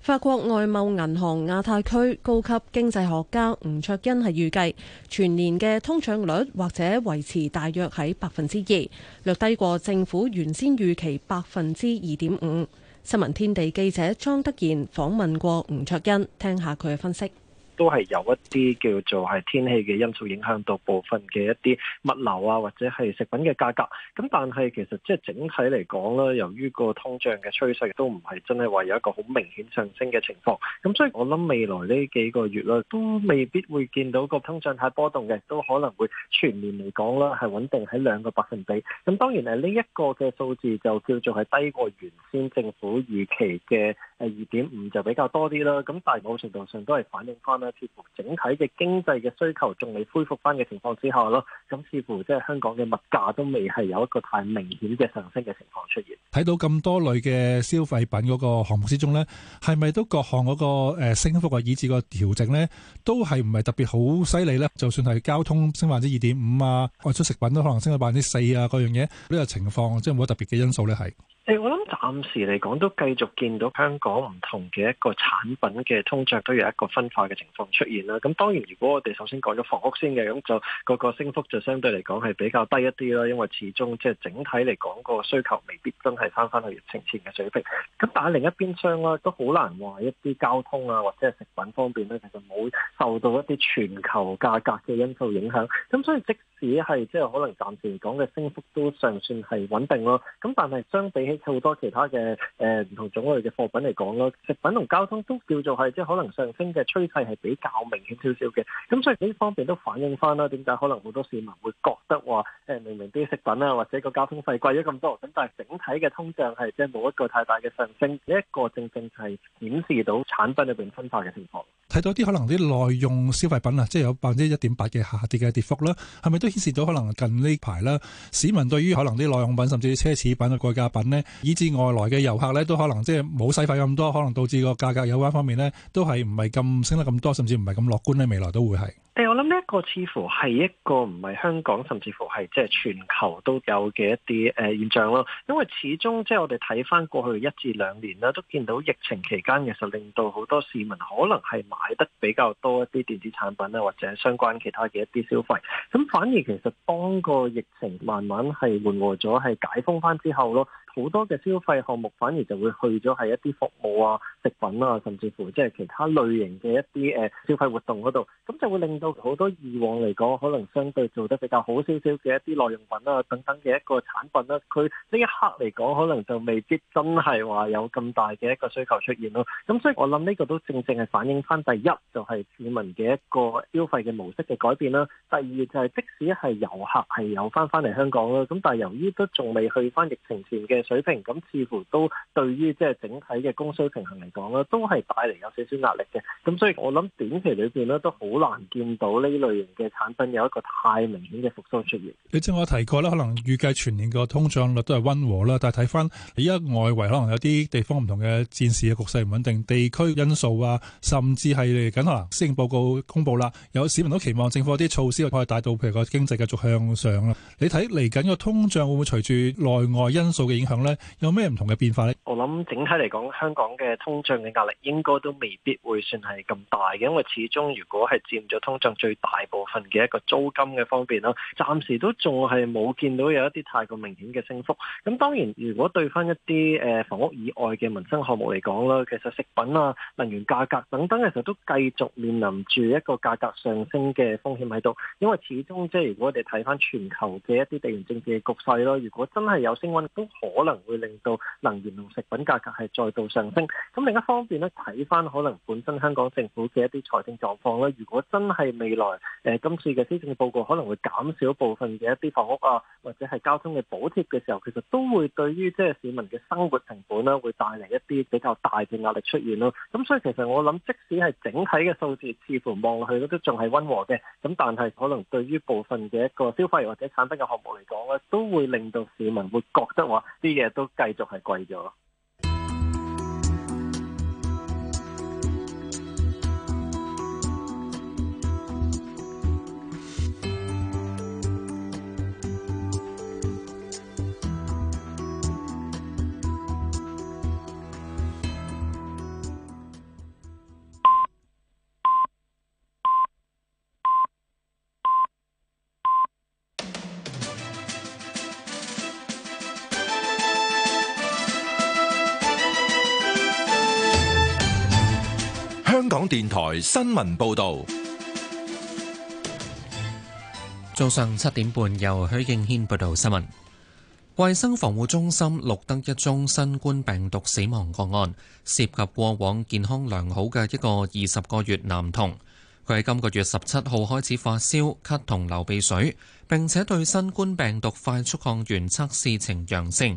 法國外貿銀行亞太區高級經濟學家吳卓恩係預計，全年嘅通脹率或者維持大約喺百分之二，略低過政府原先預期百分之二點五。新聞天地記者莊德賢訪問過吳卓恩，聽下佢嘅分析。都係有一啲叫做係天氣嘅因素影響到部分嘅一啲物流啊，或者係食品嘅價格。咁但係其實即係整體嚟講啦，由於個通脹嘅趨勢都唔係真係話有一個好明顯上升嘅情況。咁所以我諗未來呢幾個月咧，都未必會見到個通脹太波動嘅，都可能會全年嚟講啦係穩定喺兩個百分比。咁當然誒呢一個嘅數字就叫做係低過原先政府預期嘅誒二點五就比較多啲啦。咁但係某程度上都係反映翻。似乎整體嘅經濟嘅需求仲未恢復翻嘅情況之下咯，咁似乎即係香港嘅物價都未係有一個太明顯嘅上升嘅情況出現。睇到咁多類嘅消費品嗰個項目之中呢，係咪都各項嗰、嗰個、呃、升幅啊、以至個調整呢？都係唔係特別好犀利呢？就算係交通升百分之二點五啊，外出食品都可能升到百分之四啊，嗰樣嘢呢、呢個情況即係冇乜特別嘅因素咧，係。我諗暫時嚟講都繼續見到香港唔同嘅一個產品嘅通脹，都有一個分化嘅情況出現啦。咁當然，如果我哋首先講咗房屋先嘅，咁就個個升幅就相對嚟講係比較低一啲啦，因為始終即係、就是、整體嚟講、個需求未必真係翻翻去疫情前嘅水平。咁但係另一邊廂啦都好難話一啲交通啊，或者係食品方面咧，其實冇受到一啲全球價格嘅因素影響。咁所以即使係即係可能暫時嚟講嘅升幅都尚算係穩定咯。咁但係相比起，好多其他嘅誒唔同種類嘅貨品嚟講咯，食品同交通都叫做係即係可能上升嘅趨勢係比較明顯少少嘅。咁所以呢方面都反映翻啦，點解可能好多市民會覺得話誒、呃、明明啲食品啊或者個交通費貴咗咁多，咁但係整體嘅通脹係即係冇一個太大嘅上升？呢、這、一個正正係顯示到產品入邊分化嘅情況。睇到啲可能啲耐用消費品啊，即係有百分之一點八嘅下跌嘅跌幅啦，係咪都顯示到可能近呢排啦，市民對於可能啲耐用品甚至啲奢侈品啊貴價品咧？以至外來嘅遊客咧，都可能即係冇使費咁多，可能導致個價格有關方面咧，都係唔係咁升得咁多，甚至唔係咁樂觀咧。未來都會係。誒、欸，我諗呢一個似乎係一個唔係香港，甚至乎係即係全球都有嘅一啲誒、呃、現象咯。因為始終即係我哋睇翻過去一至兩年啦，都見到疫情期間其實令到好多市民可能係買得比較多一啲電子產品咧，或者相關其他嘅一啲消費。咁反而其實當個疫情慢慢係緩和咗，係解封翻之後咯。好多嘅消費項目反而就會去咗係一啲服務啊、食品啊，甚至乎即係其他類型嘅一啲消費活動嗰度，咁就會令到好多以往嚟講可能相對做得比較好少少嘅一啲耐用品啊等等嘅一個產品啦、啊，佢呢一刻嚟講可能就未必真係話有咁大嘅一個需求出現咯。咁所以我諗呢個都正正係反映翻第一就係、是、市民嘅一個消費嘅模式嘅改變啦。第二就係即使係遊客係有翻翻嚟香港啦，咁但由於都仲未去翻疫情前嘅水平，咁似乎都對於即係整體嘅供需平衡嚟講咧，都係帶嚟有少少壓力嘅。咁所以我諗短期裏邊咧，都好難見到呢類型嘅產品有一個太明顯嘅復甦出現。你正如我提過啦，可能預計全年個通脹率都係溫和啦。但係睇翻而家外圍可能有啲地方唔同嘅戰事嘅局勢唔穩定，地區因素啊，甚至係嚟緊可能施政報告公布啦，有市民都期望政府有啲措施可以帶到譬如個經濟繼續向上啦。你睇嚟緊個通脹會唔會隨住內外因素嘅影響？有咩唔同嘅變化呢？我諗整體嚟講，香港嘅通脹嘅壓力應該都未必會算係咁大嘅，因為始終如果係佔咗通脹最大部分嘅一個租金嘅方面咯，暫時都仲係冇見到有一啲太過明顯嘅升幅。咁當然，如果對翻一啲誒房屋以外嘅民生項目嚟講咧，其實食品啊、能源價格等等嘅時候都繼續面臨住一個價格上升嘅風險喺度。因為始終即係如果我哋睇翻全球嘅一啲地緣政治嘅局勢囉，如果真係有升溫都可。可能會令到能源同食品價格係再度上升。咁另一方面咧，睇返可能本身香港政府嘅一啲財政狀況咧，如果真係未來誒今次嘅施政報告可能會減少部分嘅一啲房屋啊，或者係交通嘅補貼嘅時候，其實都會對於即係市民嘅生活成本咧、啊，會帶嚟一啲比較大嘅壓力出現咯。咁所以其實我諗，即使係整體嘅數字似乎望落去都仲係溫和嘅。咁但係可能對於部分嘅一個消費或者產品嘅項目嚟講咧，都會令到市民會覺得話，啲嘢都繼續係貴咗。香港電台新聞報道，早上七點半由應報導報導，由許敬軒報道新聞。衛生防護中心錄得一宗新冠病毒死亡個案，涉及過往健康良好嘅一個二十個月男童。佢喺今個月十七號開始發燒、咳同流鼻水，並且對新冠病毒快速抗原測試呈陽性。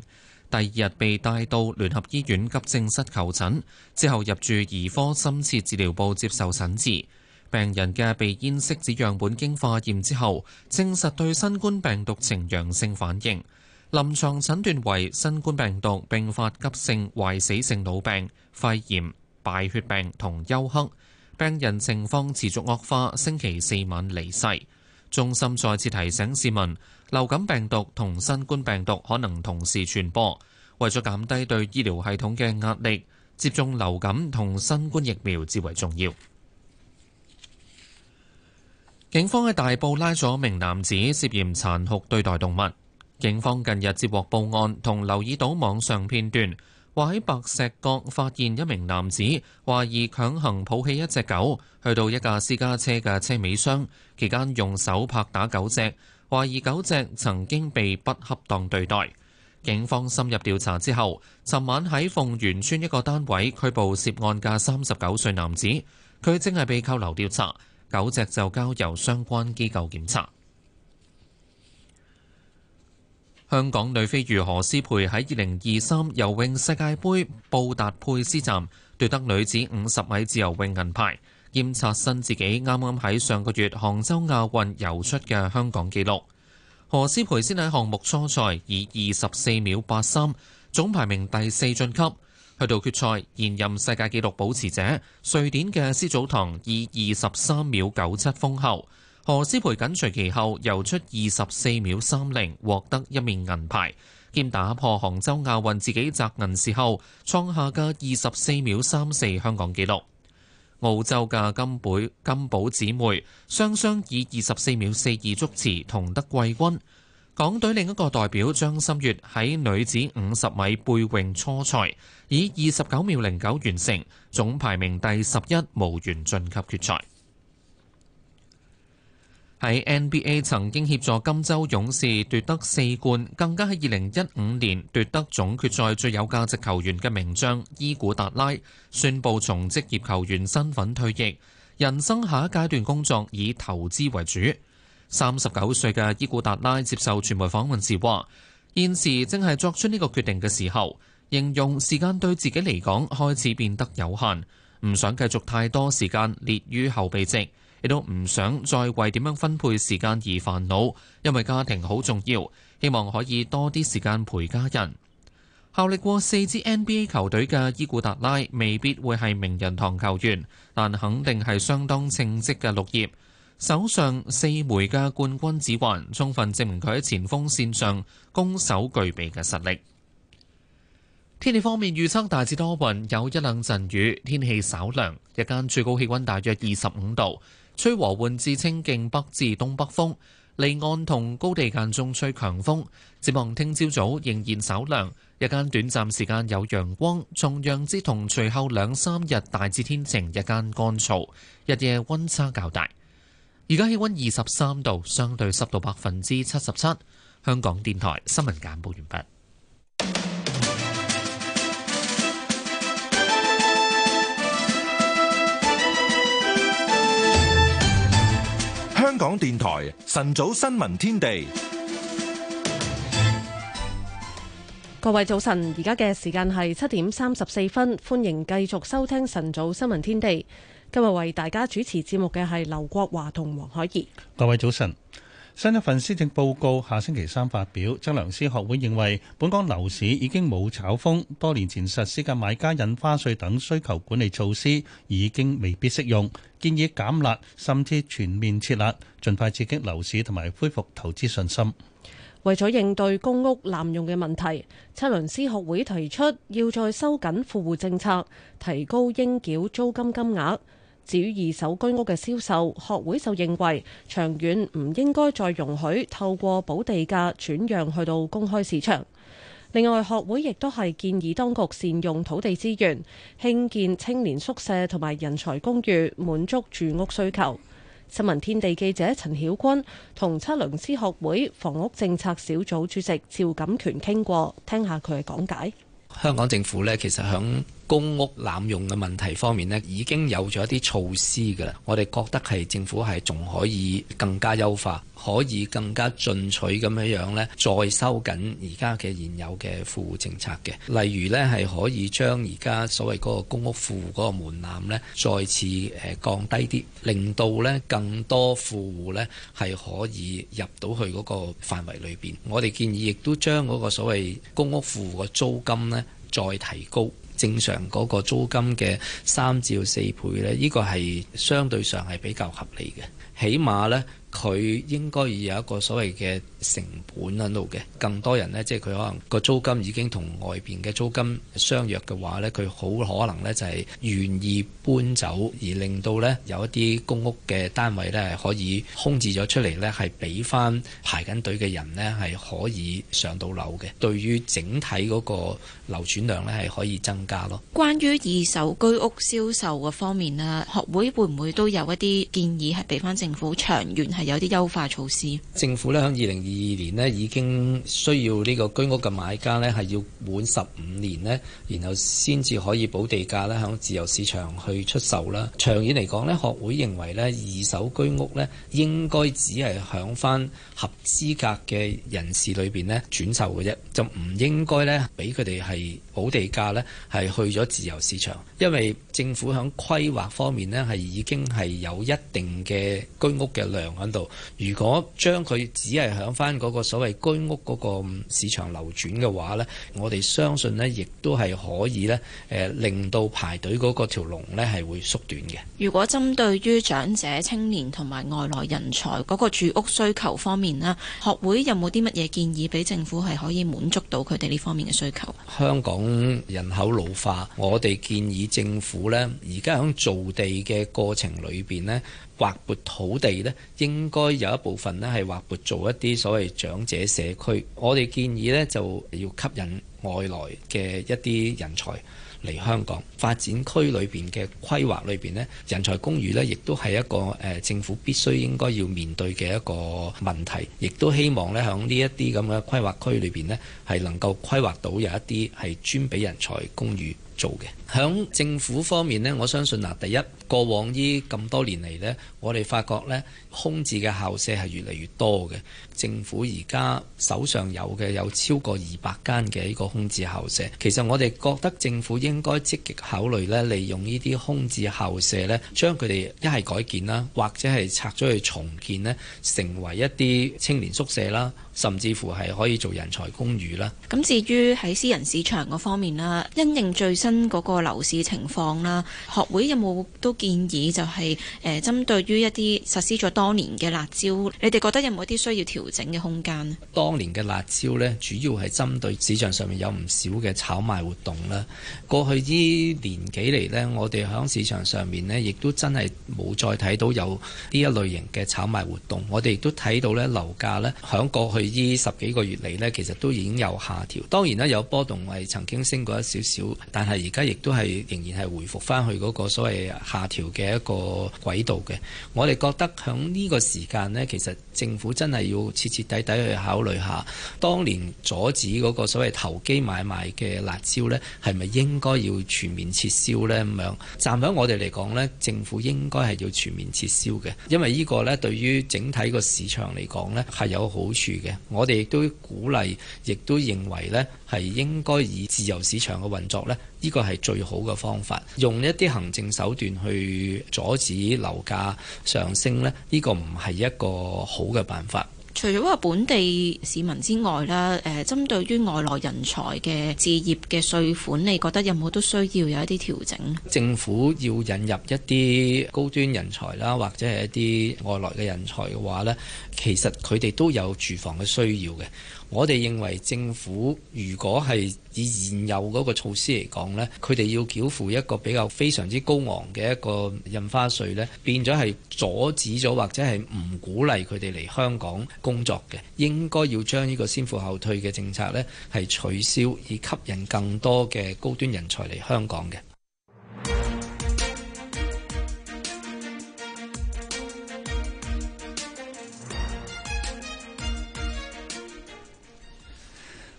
第二日被帶到聯合醫院急症室求診，之後入住兒科深切治療部接受診治。病人嘅鼻咽拭子樣本經化驗之後，證實對新冠病毒呈陽性反應，臨床診斷為新冠病毒並發急性壞死性腦病、肺炎、敗血病同休克。病人情況持續惡化，星期四晚離世。中心再次提醒市民。流感病毒同新冠病毒可能同時傳播，為咗減低對醫療系統嘅壓力，接種流感同新冠疫苗至為重要。警方喺大埔拉咗一名男子涉嫌殘酷對待動物。警方近日接獲報案同留意到網上片段，話喺白石角發現一名男子，懷疑強行抱起一隻狗去到一架私家車嘅車尾箱，期間用手拍打狗隻。懷疑九隻曾經被不恰當對待，警方深入調查之後，尋晚喺鳳園村一個單位拘捕涉案嘅三十九歲男子，佢正係被扣留調查，九隻就交由相關機構檢查。香港女飛魚何詩蓓喺二零二三游泳世界杯布達佩斯站奪得女子五十米自由泳銀牌。檢測新自己啱啱喺上個月杭州亞運游出嘅香港紀錄，何詩蓓先喺項目初賽以二十四秒八三總排名第四晉級，去到決賽現任世界紀錄保持者瑞典嘅斯祖唐以二十三秒九七封后，何詩蓓緊隨其後游出二十四秒三零，獲得一面銀牌，兼打破杭州亞運自己摘銀時候創下嘅二十四秒三四香港紀錄。澳洲嘅金貝金寶姊妹雙雙以二十四秒四二觸池同得季軍，港隊另一個代表張心月喺女子五十米背泳初賽以二十九秒零九完成，總排名第十一，無緣晉級決賽。喺 NBA 曾經協助金州勇士奪得四冠，更加喺二零一五年奪得總決賽最有價值球員嘅名將伊古達拉，宣布從職業球員身份退役，人生下一階段工作以投資為主。三十九歲嘅伊古達拉接受傳媒訪問時話：現時正係作出呢個決定嘅時候，形容時間對自己嚟講開始變得有限，唔想繼續太多時間列於後備席。亦都唔想再為點樣分配時間而煩惱，因為家庭好重要。希望可以多啲時間陪家人。效力過四支 NBA 球隊嘅伊古達拉，未必會係名人堂球員，但肯定係相當稱職嘅綠葉。手上四枚嘅冠軍指環，充分證明佢喺前鋒線上攻守俱備嘅實力。天氣方面，預測大致多雲，有一兩陣雨，天氣稍涼，日間最高氣溫大約二十五度。吹和緩至清勁北至東北風，離岸同高地間中吹強風。展望聽朝早仍然稍涼，日間短暫時間有陽光，重陽節同隨後兩三日大致天晴，日間乾燥，日夜溫差較大。而家氣溫二十三度，相對濕度百分之七十七。香港電台新聞簡報完畢。香港電台晨早新聞天地，各位早晨，而家嘅時間係七點三十四分，歡迎繼續收聽晨早新聞天地。今日為大家主持節目嘅係劉國華同黃海怡。各位早晨。新一份施政報告下星期三發表，測量師學會認為本港樓市已經冇炒風，多年前實施嘅買家印花稅等需求管理措施已經未必適用，建議減辣，甚至全面撤辣，盡快刺激樓市同埋恢復投資信心。為咗應對公屋濫用嘅問題，測量師學會提出要再收緊富戶政策，提高應繳租金金額。至於二手居屋嘅銷售，學會就認為長遠唔應該再容許透過補地價轉讓去到公開市場。另外，學會亦都係建議當局善用土地資源，興建青年宿舍同埋人才公寓，滿足住屋需求。新聞天地記者陳曉君同測量師學會房屋政策小組主席趙錦權傾過，聽下佢嘅講解。香港政府呢，其實響公屋濫用嘅問題方面呢，已經有咗一啲措施噶啦。我哋覺得係政府係仲可以更加優化，可以更加進取咁樣樣呢，再收緊而家嘅現有嘅富戶政策嘅。例如呢，係可以將而家所謂嗰個公屋富戶嗰個門檻呢，再次誒降低啲，令到呢更多富戶呢係可以入到去嗰個範圍裏邊。我哋建議亦都將嗰個所謂公屋富戶嘅租金呢，再提高。正常嗰個租金嘅三至四倍呢，呢、呢個係相對上係比較合理嘅，起碼呢。佢應該要有一個所謂嘅成本喺度嘅，更多人咧，即係佢可能個租金已經同外邊嘅租金相若嘅話咧，佢好可能咧就係願意搬走，而令到咧有一啲公屋嘅單位咧係可以空置咗出嚟咧，係俾翻排緊隊嘅人咧係可以上到樓嘅。對於整體嗰個流轉量咧係可以增加咯。關於二手居屋銷售嘅方面咧，學會會唔會都有一啲建議係俾翻政府長遠是？係有啲優化措施。政府咧喺二零二二年咧已經需要呢個居屋嘅買家咧係要滿十五年咧，然後先至可以補地價咧喺自由市場去出售啦。長遠嚟講咧，學會認為咧二手居屋咧應該只係響翻合資格嘅人士裏邊咧轉售嘅啫。就唔應該咧，俾佢哋係保地價咧，係去咗自由市場，因為政府響規劃方面咧，係已經係有一定嘅居屋嘅量喺度。如果將佢只係響翻嗰個所謂居屋嗰個市場流轉嘅話咧，我哋相信咧，亦都係可以咧，誒令到排隊嗰個條龍咧係會縮短嘅。如果針對於長者、青年同埋外來人才嗰個住屋需求方面咧，學會有冇啲乜嘢建議俾政府係可以滿足？捉到佢哋呢方面嘅需求。香港人口老化，我哋建議政府咧，而家響造地嘅過程裏邊咧，劃撥土地咧，應該有一部分咧係劃撥做一啲所謂長者社區，我哋建議咧，就要吸引外來嘅一啲人才。嚟香港發展區裏面嘅規劃裏面，呢人才公寓呢亦都係一個誒政府必須應該要面對嘅一個問題，亦都希望呢響呢一啲咁嘅規劃區裏面，呢係能夠規劃到有一啲係專俾人才公寓。做嘅響政府方面咧，我相信嗱，第一過往呢咁多年嚟咧，我哋發覺咧，空置嘅校舍係越嚟越多嘅。政府而家手上有嘅有超過二百間嘅呢個空置校舍，其實我哋覺得政府應該積極考慮咧，利用呢啲空置校舍咧，將佢哋一係改建啦，或者係拆咗去重建咧，成為一啲青年宿舍啦。甚至乎係可以做人才公寓啦。咁至於喺私人市場個方面啦，因應最新嗰個樓市情況啦，學會有冇都建議就係誒針對於一啲實施咗多年嘅辣招，你哋覺得有冇一啲需要調整嘅空間呢？當年嘅辣招咧，主要係針對市場上面有唔少嘅炒賣活動啦。過去依年幾嚟咧，我哋響市場上面咧，亦都真係冇再睇到有呢一類型嘅炒賣活動，我哋亦都睇到咧，樓價咧，響過去。依十幾個月嚟呢，其實都已經有下調。當然啦，有波動係曾經升過一少少，但係而家亦都係仍然係回復翻去嗰個所謂下調嘅一個軌道嘅。我哋覺得響呢個時間呢，其實政府真係要徹徹底底去考慮下，當年阻止嗰個所謂投機買賣嘅辣椒呢，係咪應該要全面撤銷呢？咁樣站喺我哋嚟講呢，政府應該係要全面撤銷嘅，因為呢個呢，對於整體個市場嚟講呢，係有好處嘅。我哋亦都鼓勵，亦都認為咧，係應該以自由市場嘅運作咧，呢個係最好嘅方法。用一啲行政手段去阻止樓價上升咧，呢個唔係一個好嘅辦法。除咗話本地市民之外啦，誒，針對於外來人才嘅置業嘅稅款，你覺得有冇都需要有一啲調整？政府要引入一啲高端人才啦，或者係一啲外來嘅人才嘅話呢，其實佢哋都有住房嘅需要嘅。我哋認為政府如果係以現有嗰個措施嚟講呢，佢哋要繳付一個比較非常之高昂嘅一個印花稅呢，變咗係阻止咗或者係唔鼓勵佢哋嚟香港工作嘅。應該要將呢個先付後退嘅政策呢，係取消，以吸引更多嘅高端人才嚟香港嘅。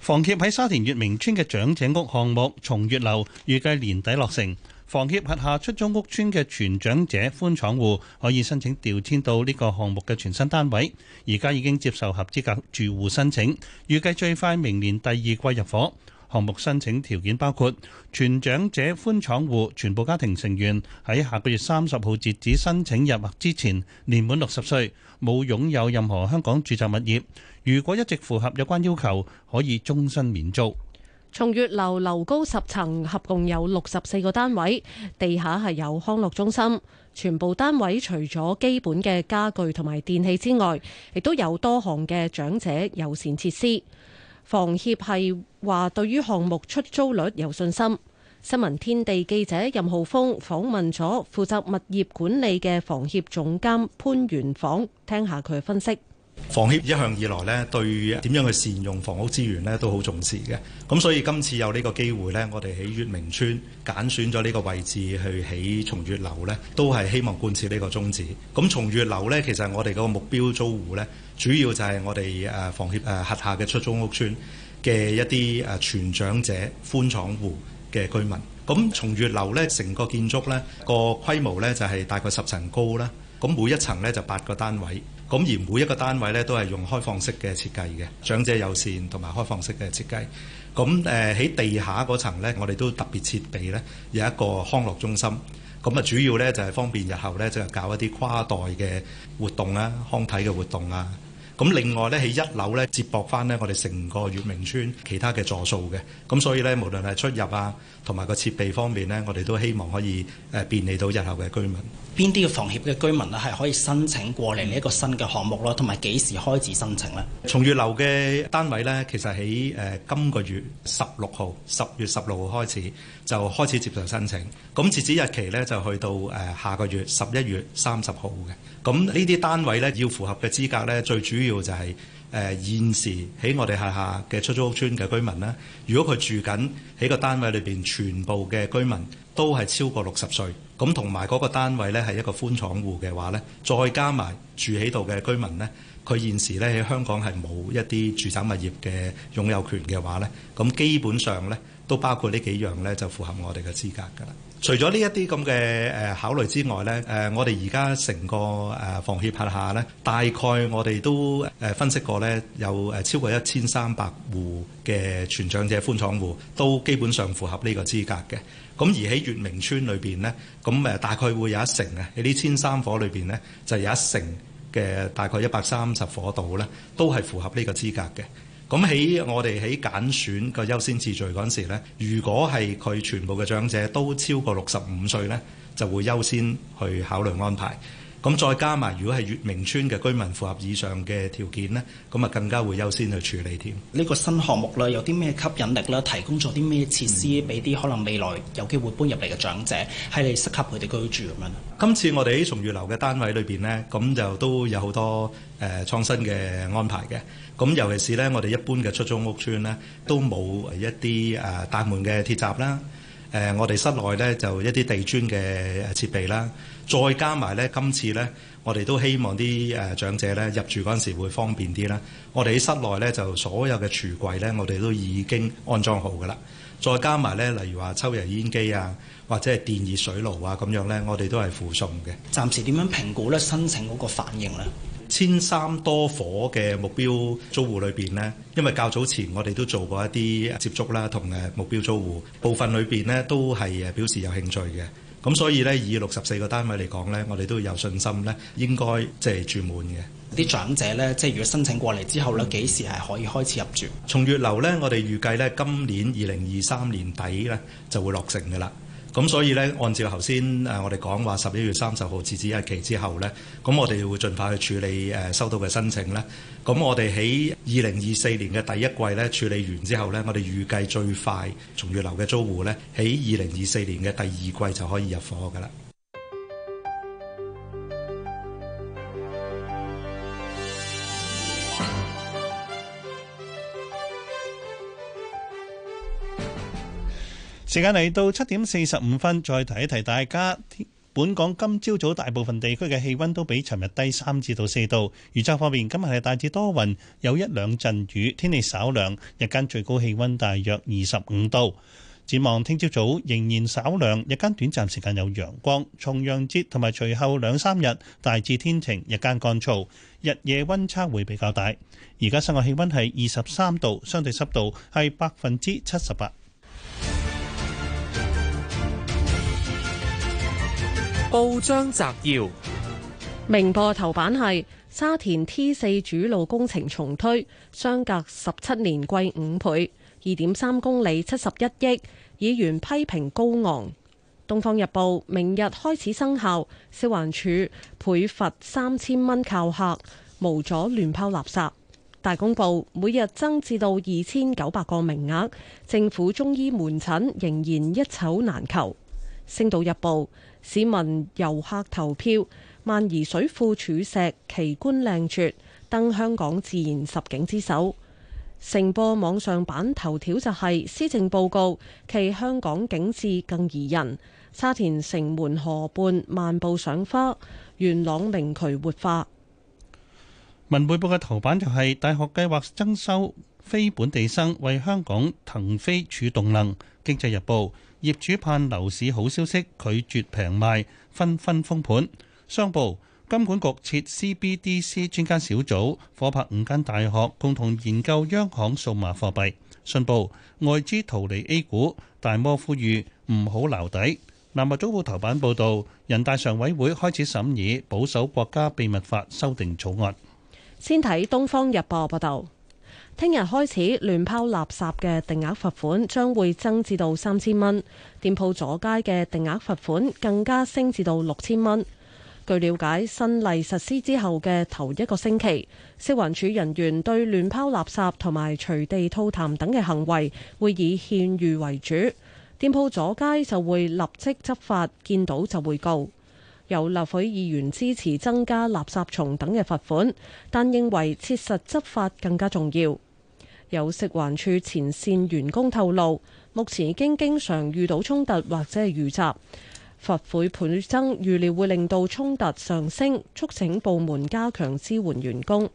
房協喺沙田月明村嘅長者屋項目松月樓預計年底落成，房協轄下出租屋邨嘅全長者寬敞戶可以申請調遷到呢個項目嘅全新單位，而家已經接受合資格住戶申請，預計最快明年第二季入伙。項目申請條件包括全長者寬敞戶全部家庭成員喺下個月三十號截止申請入額之前年滿六十歲。冇擁有任何香港住宅物業，如果一直符合有關要求，可以終身免租。從月樓樓高十層，合共有六十四個單位，地下係有康樂中心。全部單位除咗基本嘅家具同埋電器之外，亦都有多項嘅長者友善設施。房協係話對於項目出租率有信心。新聞天地記者任浩峰訪問咗負責物業管理嘅房協總監潘元房，聽下佢分析。房協一向以來咧，對點樣去善用房屋資源呢都好重視嘅。咁所以今次有呢個機會呢，我哋喺月明村揀選咗呢個位置去起松月樓呢，都係希望貫徹呢個宗旨。咁松月樓呢，其實我哋嗰個目標租戶呢，主要就係我哋誒房協誒轄下嘅出租屋村嘅一啲誒全長者寬敞戶。寬嘅居民咁，從月樓咧，成個建築咧、個規模咧就係大概十層高啦。咁每一層咧就八個單位，咁而每一個單位咧都係用開放式嘅設計嘅長者友善同埋開放式嘅設計。咁誒喺地下嗰層咧，我哋都特別設備咧有一個康樂中心。咁啊，主要咧就係方便日後咧就係搞一啲跨代嘅活動啦，康體嘅活動啊。咁另外咧喺一樓咧接駁翻咧我哋成個月明邨其他嘅座數嘅，咁所以咧無論係出入啊同埋個設備方面咧，我哋都希望可以誒便利到日後嘅居民。邊啲嘅房協嘅居民咧係可以申請過嚟呢一個新嘅項目咯，同埋幾時開始申請呢？崇月樓嘅單位咧，其實喺誒今個月十六號，十月十六號開始就開始接受申請，咁截止日期咧就去到誒下個月十一月三十號嘅。咁呢啲單位咧要符合嘅資格咧，最主要就係誒現時喺我哋下下嘅出租屋邨嘅居民啦。如果佢住緊喺個單位裏邊，全部嘅居民都係超過六十歲，咁同埋嗰個單位咧係一個寬敞戶嘅話咧，再加埋住喺度嘅居民咧，佢現時咧喺香港係冇一啲住宅物業嘅擁有權嘅話咧，咁基本上咧都包括呢幾樣咧就符合我哋嘅資格㗎啦。除咗呢一啲咁嘅誒考慮之外咧，誒我哋而家成個誒房協拍下咧，大概我哋都誒分析過咧，有誒超過一千三百戶嘅全長者寬敞戶都基本上符合呢個資格嘅。咁而喺月明村裏邊咧，咁誒大概會有一成咧喺呢千三夥裏邊咧，就有一成嘅大概一百三十夥度咧，都係符合呢個資格嘅。咁喺我哋喺揀選個優先次序嗰陣時咧，如果係佢全部嘅長者都超過六十五歲咧，就會優先去考慮安排。咁再加埋，如果係月明村嘅居民符合以上嘅條件咧，咁啊更加會優先去處理添。呢個新項目咧，有啲咩吸引力咧？提供咗啲咩設施俾啲可能未來有機會搬入嚟嘅長者，係嚟適合佢哋居住咁樣。今次我哋喺崇業樓嘅單位裏邊咧，咁就都有好多誒創新嘅安排嘅。咁尤其是咧，我哋一般嘅出租屋邨咧，都冇一啲誒大門嘅鐵閘啦。誒，我哋室內咧就一啲地磚嘅設備啦。再加埋呢，今次呢，我哋都希望啲誒、呃、長者咧入住嗰陣時候會方便啲啦。我哋喺室內呢，就所有嘅廚櫃呢，我哋都已經安裝好噶啦。再加埋呢，例如話抽油煙機啊，或者係電熱水爐啊咁樣呢，我哋都係附送嘅。暫時點樣評估呢？申請嗰個反應咧？千三多伙嘅目標租戶裏邊呢，因為較早前我哋都做過一啲接觸啦，同誒目標租戶部分裏邊呢，都係誒表示有興趣嘅。咁所以咧，以六十四個單位嚟講咧，我哋都有信心咧，應該即係住滿嘅。啲長者咧，即係如果申請過嚟之後咧，幾時係可以開始入住？從月樓咧，我哋預計咧，今年二零二三年底咧就會落成嘅啦。咁所以呢，按照頭先我哋講話十一月三十號截止日期之後呢，咁我哋會盡快去處理、呃、收到嘅申請呢，咁我哋喺二零二四年嘅第一季呢處理完之後呢，我哋預計最快從月留嘅租戶呢，喺二零二四年嘅第二季就可以入伙㗎啦。時間嚟到七點四十五分，再提一提大家。本港今朝早大部分地區嘅氣溫都比尋日低三至到四度。預測方面，今日係大致多雲，有一兩陣雨，天氣稍涼，日間最高氣溫大約二十五度。展望聽朝早仍然稍涼，日間短暫時間有陽光。重陽節同埋隨後兩三日大致天晴，日間乾燥，日夜温差會比較大。而家室外氣溫係二十三度，相對濕度係百分之七十八。報章摘要：明報頭版係沙田 T 四主路工程重推，相隔十七年貴五倍，二點三公里七十一億，議員批評高昂。東方日報明日開始生效，消環處倍罰三千蚊靠客無阻亂拋垃圾。大公報每日增至到二千九百個名額，政府中醫門診仍然一籌難求。星島日報。市民遊客投票，萬宜水庫柱石奇觀靚絕，登香港自然十景之首。成報網上版頭條就係施政報告，其香港景致更宜人。沙田城門河畔漫步賞花，元朗明渠活化。文匯報嘅頭版就係大學計劃增收非本地生，為香港騰飛儲動能。經濟日報。業主盼樓市好消息，拒絕平賣，紛紛封盤。商報：金管局設 CBDC 專家小組，伙拍五間大學共同研究央行數碼貨幣。信報：外資逃離 A 股，大摩呼籲唔好留底。南華早報頭版報導，人大常委會開始審議《保守國家秘密法》修訂草案。先睇《東方日報》報道。聽日開始，亂拋垃圾嘅定額罰款將會增至到三千蚊，店鋪阻街嘅定額罰款更加升至到六千蚊。據了解，新例實施之後嘅頭一個星期，食環署人員對亂拋垃圾同埋隨地吐痰等嘅行為會以勸喻為主，店鋪阻街就會立即執法，見到就會告。有立會議員支持增加垃圾蟲等嘅罰款，但認為切實執法更加重要。有食環處前線員工透露，目前已經經常遇到衝突或者係遇襲，罰款倍增預料會令到衝突上升，促請部門加強支援員工。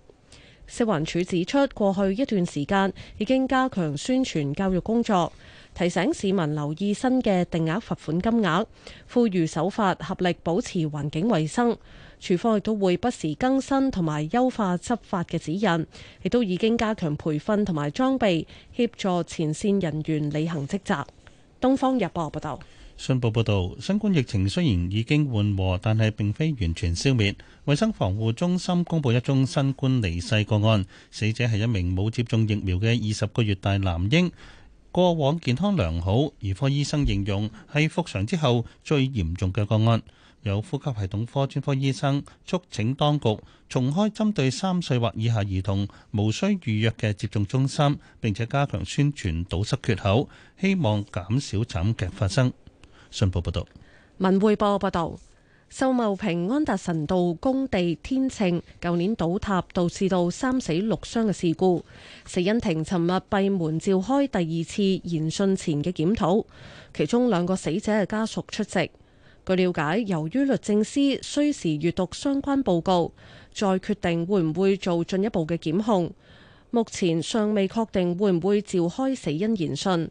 食環署指出，過去一段時間已經加強宣傳教育工作。提醒市民留意新嘅定額罰款金額，呼籲守法，合力保持環境衛生。廚房亦都會不時更新同埋優化執法嘅指引，亦都已經加強培訓同埋裝備，協助前線人員履行職責。東方日報報道，信報報道，新冠疫情雖然已經緩和，但係並非完全消滅。衛生防護中心公布一宗新冠離世個案，死者係一名冇接種疫苗嘅二十個月大男嬰。過往健康良好，兒科醫生形容係復常之後最嚴重嘅個案。有呼吸系統科專科醫生促請當局重開針對三歲或以下兒童無需預約嘅接種中心，並且加強宣傳堵塞缺口，希望減少慘劇發生。信報報道。文匯報報道。秀茂坪安達臣道工地天秤，舊年倒塌導致到三死六傷嘅事故，死因庭尋日閉門召開第二次研訊前嘅檢討，其中兩個死者嘅家屬出席。據了解，由於律政司需時閱讀相關報告，再決定會唔會做進一步嘅檢控，目前尚未確定會唔會召開死因研訊。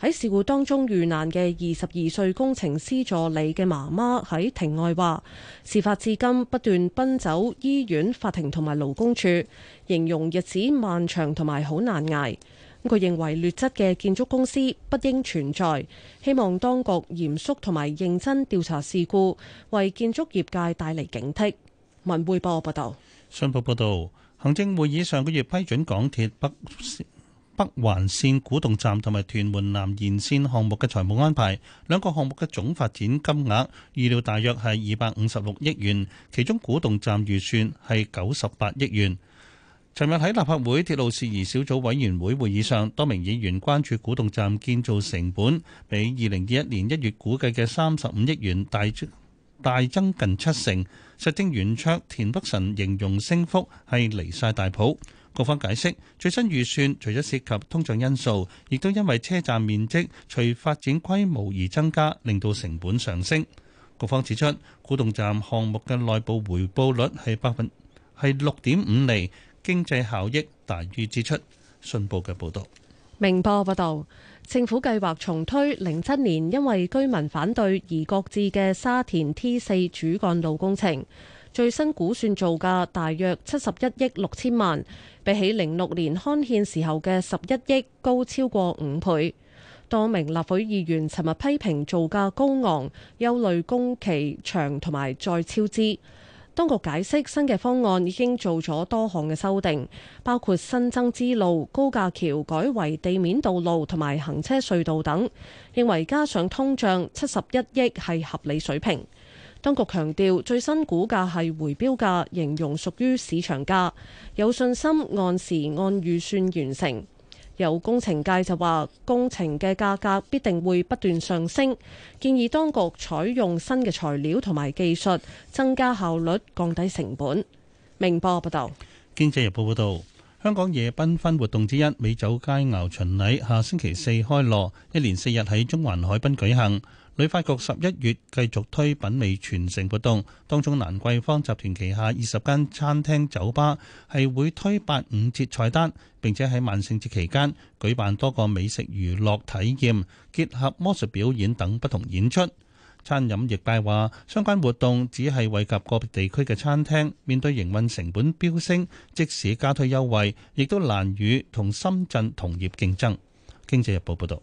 喺事故當中遇難嘅二十二歲工程師助理嘅媽媽喺庭外話：事發至今不斷奔走醫院、法庭同埋勞工處，形容日子漫長同埋好難捱。佢認為劣質嘅建築公司不應存在，希望當局嚴肅同埋認真調查事故，為建築業界帶嚟警惕。文匯報報導。商報報導，行政會議上個月批准港鐵北。北環線古洞站同埋屯門南延線項目嘅財務安排，兩個項目嘅總發展金額預料大約係二百五十六億元，其中古洞站預算係九十八億元。尋日喺立法會鐵路事宜小組委員會會議上，多名議員關注古洞站建造成本比二零二一年一月估計嘅三十五億元大大增近七成。實政圓桌、田北辰形容升幅係離晒大譜。各方解釋最新預算，除咗涉及通脹因素，亦都因為車站面積隨發展規模而增加，令到成本上升。各方指出，古洞站項目嘅內部回報率係百分之六點五厘，經濟效益大於支出。信報嘅報導，明報報道，政府計劃重推零七年因為居民反對而擱置嘅沙田 T 四主幹路工程。最新估算造價大約七十一億六千萬，比起零六年刊憲時候嘅十一億高超過五倍。多名立法會議員尋日批評造價高昂，憂慮工期長同埋再超支。當局解釋新嘅方案已經做咗多項嘅修訂，包括新增支路、高架橋改為地面道路同埋行車隧道等，認為加上通脹，七十一億係合理水平。當局強調，最新估價係回標價，形容屬於市場價。有信心按時按預算完成。有工程界就話，工程嘅價格必定會不斷上升，建議當局採用新嘅材料同埋技術，增加效率，降低成本。明報報道。《經濟日報》報道，香港夜繽紛活動之一美酒佳肴巡禮，下星期四開鑼，一連四日喺中環海濱舉行。旅發局十一月繼續推品味全城活動，當中蘭桂坊集團旗下二十間餐廳、酒吧係會推八五折菜單，並且喺萬聖節期間舉辦多個美食娛樂體驗，結合魔術表演等不同演出。餐飲業界話，相關活動只係惠及個別地區嘅餐廳，面對營運成本飆升，即使加推優惠，亦都難與同深圳同業競爭。經濟日報報道，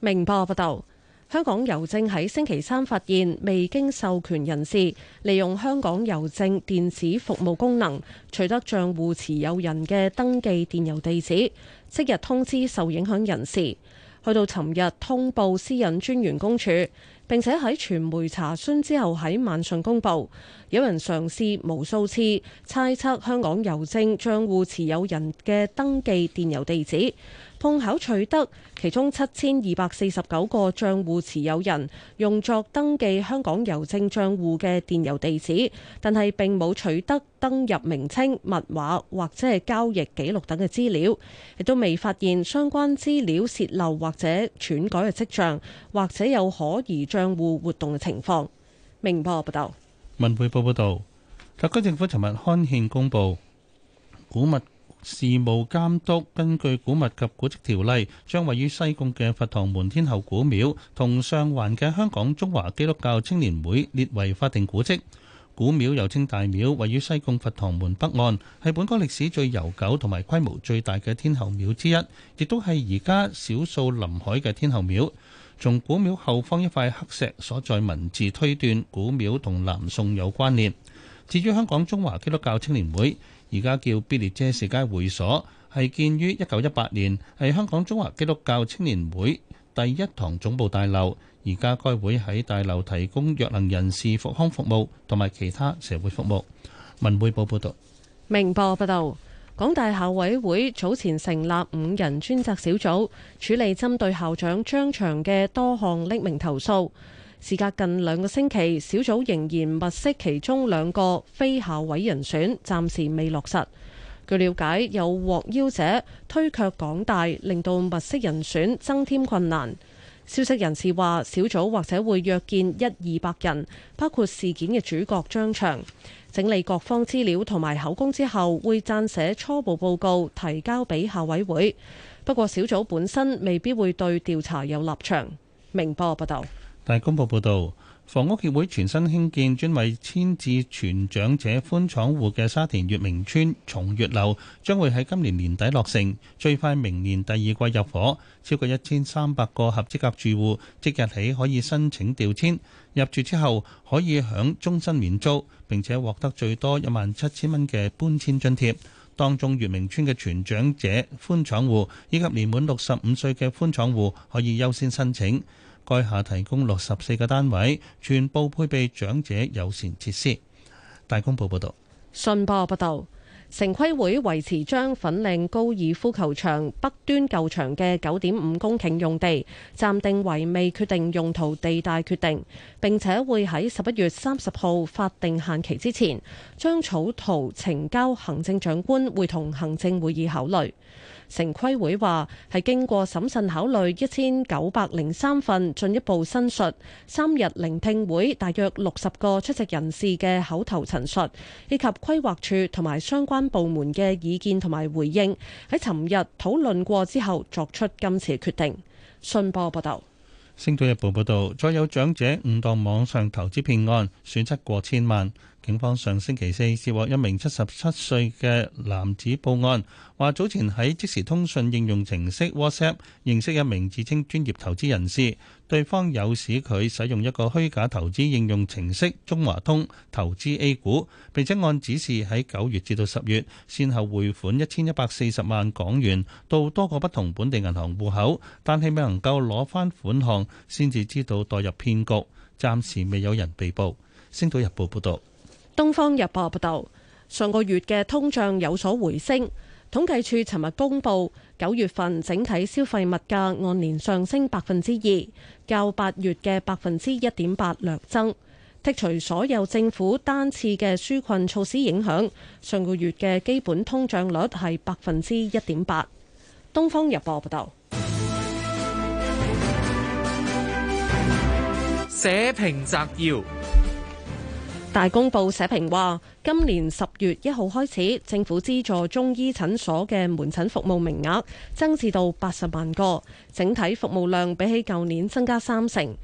明報報道。香港郵政喺星期三發現未經授權人士利用香港郵政電子服務功能取得賬戶持有人嘅登記電郵地址，即日通知受影響人士。去到尋日通報私隱專員公署，並且喺傳媒查詢之後喺晚上公佈，有人嘗試無數次猜測香港郵政賬戶持有人嘅登記電郵地址。共考取得其中七千二百四十九個賬戶持有人用作登記香港郵政賬戶嘅電郵地址，但係並冇取得登入名稱、密碼或者係交易記錄等嘅資料，亦都未發現相關資料洩漏或者篡改嘅跡象，或者有可疑賬戶活動嘅情況。明報、啊、報道，文匯報報道，特區政府尋日刊憲公布古物。事務監督根據古物及古蹟條例，將位於西貢嘅佛堂門天后古廟同上環嘅香港中華基督教青年會列為法定古蹟。古廟又稱大廟，位於西貢佛堂門北岸，係本港歷史最悠久同埋規模最大嘅天后廟之一，亦都係而家少數臨海嘅天后廟。從古廟後方一塊黑石所在文字推斷，古廟同南宋有關聯。至於香港中華基督教青年會。而家叫必列者士街會所，係建於一九一八年，係香港中華基督教青年會第一堂總部大樓。而家該會喺大樓提供弱能人士復康服務同埋其他社會服務。文匯報報導。明報報導，港大校委會早前成立五人專責小組處理針對校長張翔嘅多項匿名投訴。事隔近兩個星期，小組仍然物色其中兩個非校委人選，暫時未落實。據了解，有獲邀者推卻港大，令到物色人選增添困難。消息人士話，小組或者會約見一二百人，包括事件嘅主角張翔，整理各方資料同埋口供之後，會撰寫初步報告提交俾校委會。不過，小組本身未必會對調查有立場。明波報道。大公報報導，房屋協會全新興建專為遷至全長者寬敞戶嘅沙田月明村松月樓，將會喺今年年底落成，最快明年第二季入伙。超過一千三百個合資格住戶即日起可以申請調遷，入住之後可以享終身免租，並且獲得最多一萬七千蚊嘅搬遷津貼。當中月明村嘅全長者寬敞戶以及年滿六十五歲嘅寬敞戶可以優先申請。該下提供六十四個單位，全部配備長者友善設施。大公報報道，信報報道，城規會維持將粉嶺高爾夫球場北端舊場嘅九點五公頃用地暫定為未決定用途地帶決定，並且會喺十一月三十號法定限期之前將草圖呈交行政長官，會同行政會議考慮。城規會話係經過審慎考慮一千九百零三份進一步申述，三日聆聽會大約六十個出席人士嘅口頭陳述，以及規劃處同埋相關部門嘅意見同埋回應，喺尋日討論過之後作出今次決定。信報報道，《星島日報》報道，再有長者誤當網上投資騙案，損失過千萬。警方上星期四接獲一名七十七歲嘅男子報案，話早前喺即時通訊應用程式 WhatsApp 認識一名自稱專業投資人士，對方誘使佢使用一個虛假投資應用程式中華通投資 A 股，並且按指示喺九月至到十月先後匯款一千一百四十萬港元到多個不同本地銀行戶口，但係未能夠攞翻款項，先至知道墮入騙局。暫時未有人被捕。星島日報報道。東方日報報道，上個月嘅通脹有所回升。統計處尋日公布，九月份整體消費物價按年上升百分之二，較八月嘅百分之一點八略增。剔除所有政府單次嘅紓困措施影響，上個月嘅基本通脹率係百分之一點八。東方日報報道，社評摘要。大公報社評話，今年十月一號開始，政府資助中醫診所嘅門診服務名額增至到八十萬個，整體服務量比起舊年增加三成。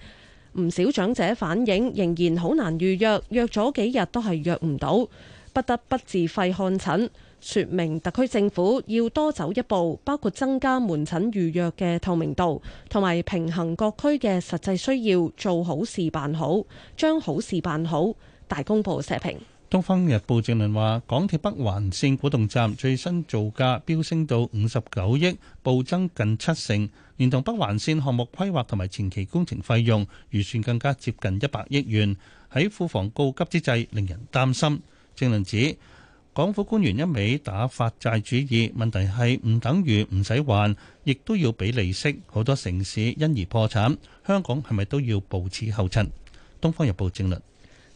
唔少長者反映仍然好難預約，約咗幾日都係約唔到，不得不自費看診，說明特區政府要多走一步，包括增加門診預約嘅透明度，同埋平衡各區嘅實際需要，做好事辦好，將好事辦好。大公報社評，《東方日報》正論話：港鐵北環線古洞站最新造價飆升到五十九億，暴增近七成，連同北環線項目規劃同埋前期工程費用預算更加接近一百億元，喺庫房告急之際，令人擔心。正論指，港府官員一味打發債主意，問題係唔等於唔使還，亦都要俾利息。好多城市因而破產，香港係咪都要步此後塵？《東方日報》正論。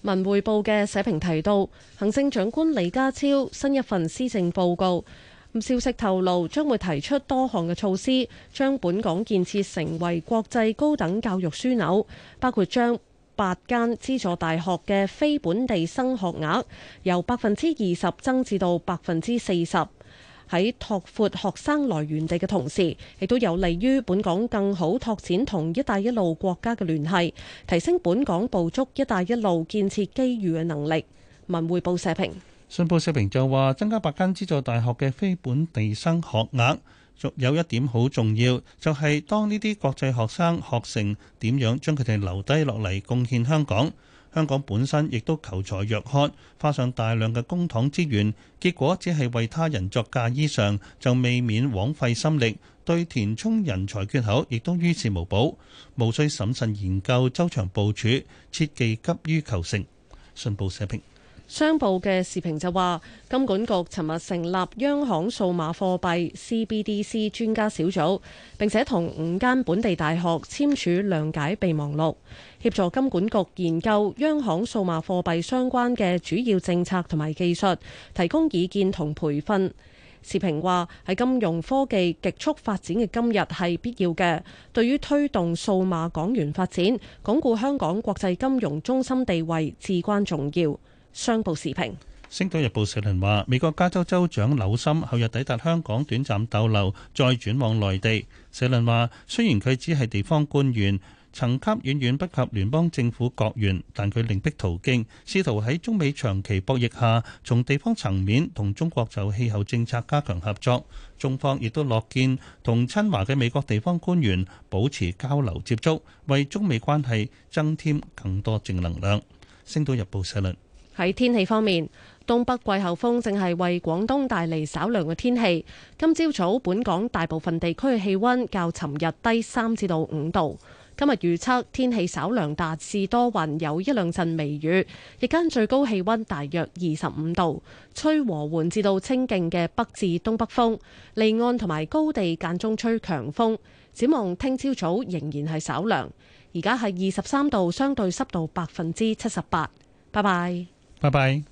文匯報嘅社評提到，行政長官李家超新一份施政報告，咁消息透露將會提出多項嘅措施，將本港建設成為國際高等教育樞紐，包括將八間資助大學嘅非本地生學額由百分之二十增至到百分之四十。喺拓闊學生來源地嘅同時，亦都有利於本港更好拓展同“一帶一路”國家嘅聯繫，提升本港捕捉“一帶一路”建設機遇嘅能力。文匯報社評，信報社評就話增加八間資助大學嘅非本地生學額，仲有一點好重要，就係、是、當呢啲國際學生學成，點樣將佢哋留低落嚟貢獻香港？香港本身亦都求才若渴，花上大量嘅公帑資源，結果只係為他人作嫁衣裳，就未免枉費心力。對填充人才缺口，亦都於事無補，無需審慎研究、周詳部署，切忌急於求成。信報社評商報嘅視頻就話，金管局尋日成立央行數碼貨幣 CBDC 專家小組，並且同五間本地大學簽署諒解備忘錄。協助金管局研究央行數碼貨幣相關嘅主要政策同埋技術，提供意見同培訓。時評話喺金融科技極速發展嘅今日係必要嘅，對於推動數碼港元發展、鞏固香港國際金融中心地位至關重要。商報時評，星島日報社論話，美國加州州長紐森後日抵達香港短暫逗留，再轉往內地。社論話，雖然佢只係地方官員。層級遠遠不及聯邦政府官員，但佢另辟途徑，試圖喺中美長期博弈下，從地方層面同中國就氣候政策加強合作。中方亦都樂見同親華嘅美國地方官員保持交流接觸，為中美關係增添更多正能量。星島日報社論喺天氣方面，東北季候風正係為廣東帶嚟稍涼嘅天氣。今朝早本港大部分地區嘅氣温較尋日低三至到五度。今日預測天氣稍涼，大致多雲，有一兩陣微雨。日間最高氣温大約二十五度，吹和緩至到清勁嘅北至東北風。離岸同埋高地間中吹強風。展望聽朝早仍然係稍涼。而家係二十三度，相對濕度百分之七十八。拜拜。拜拜。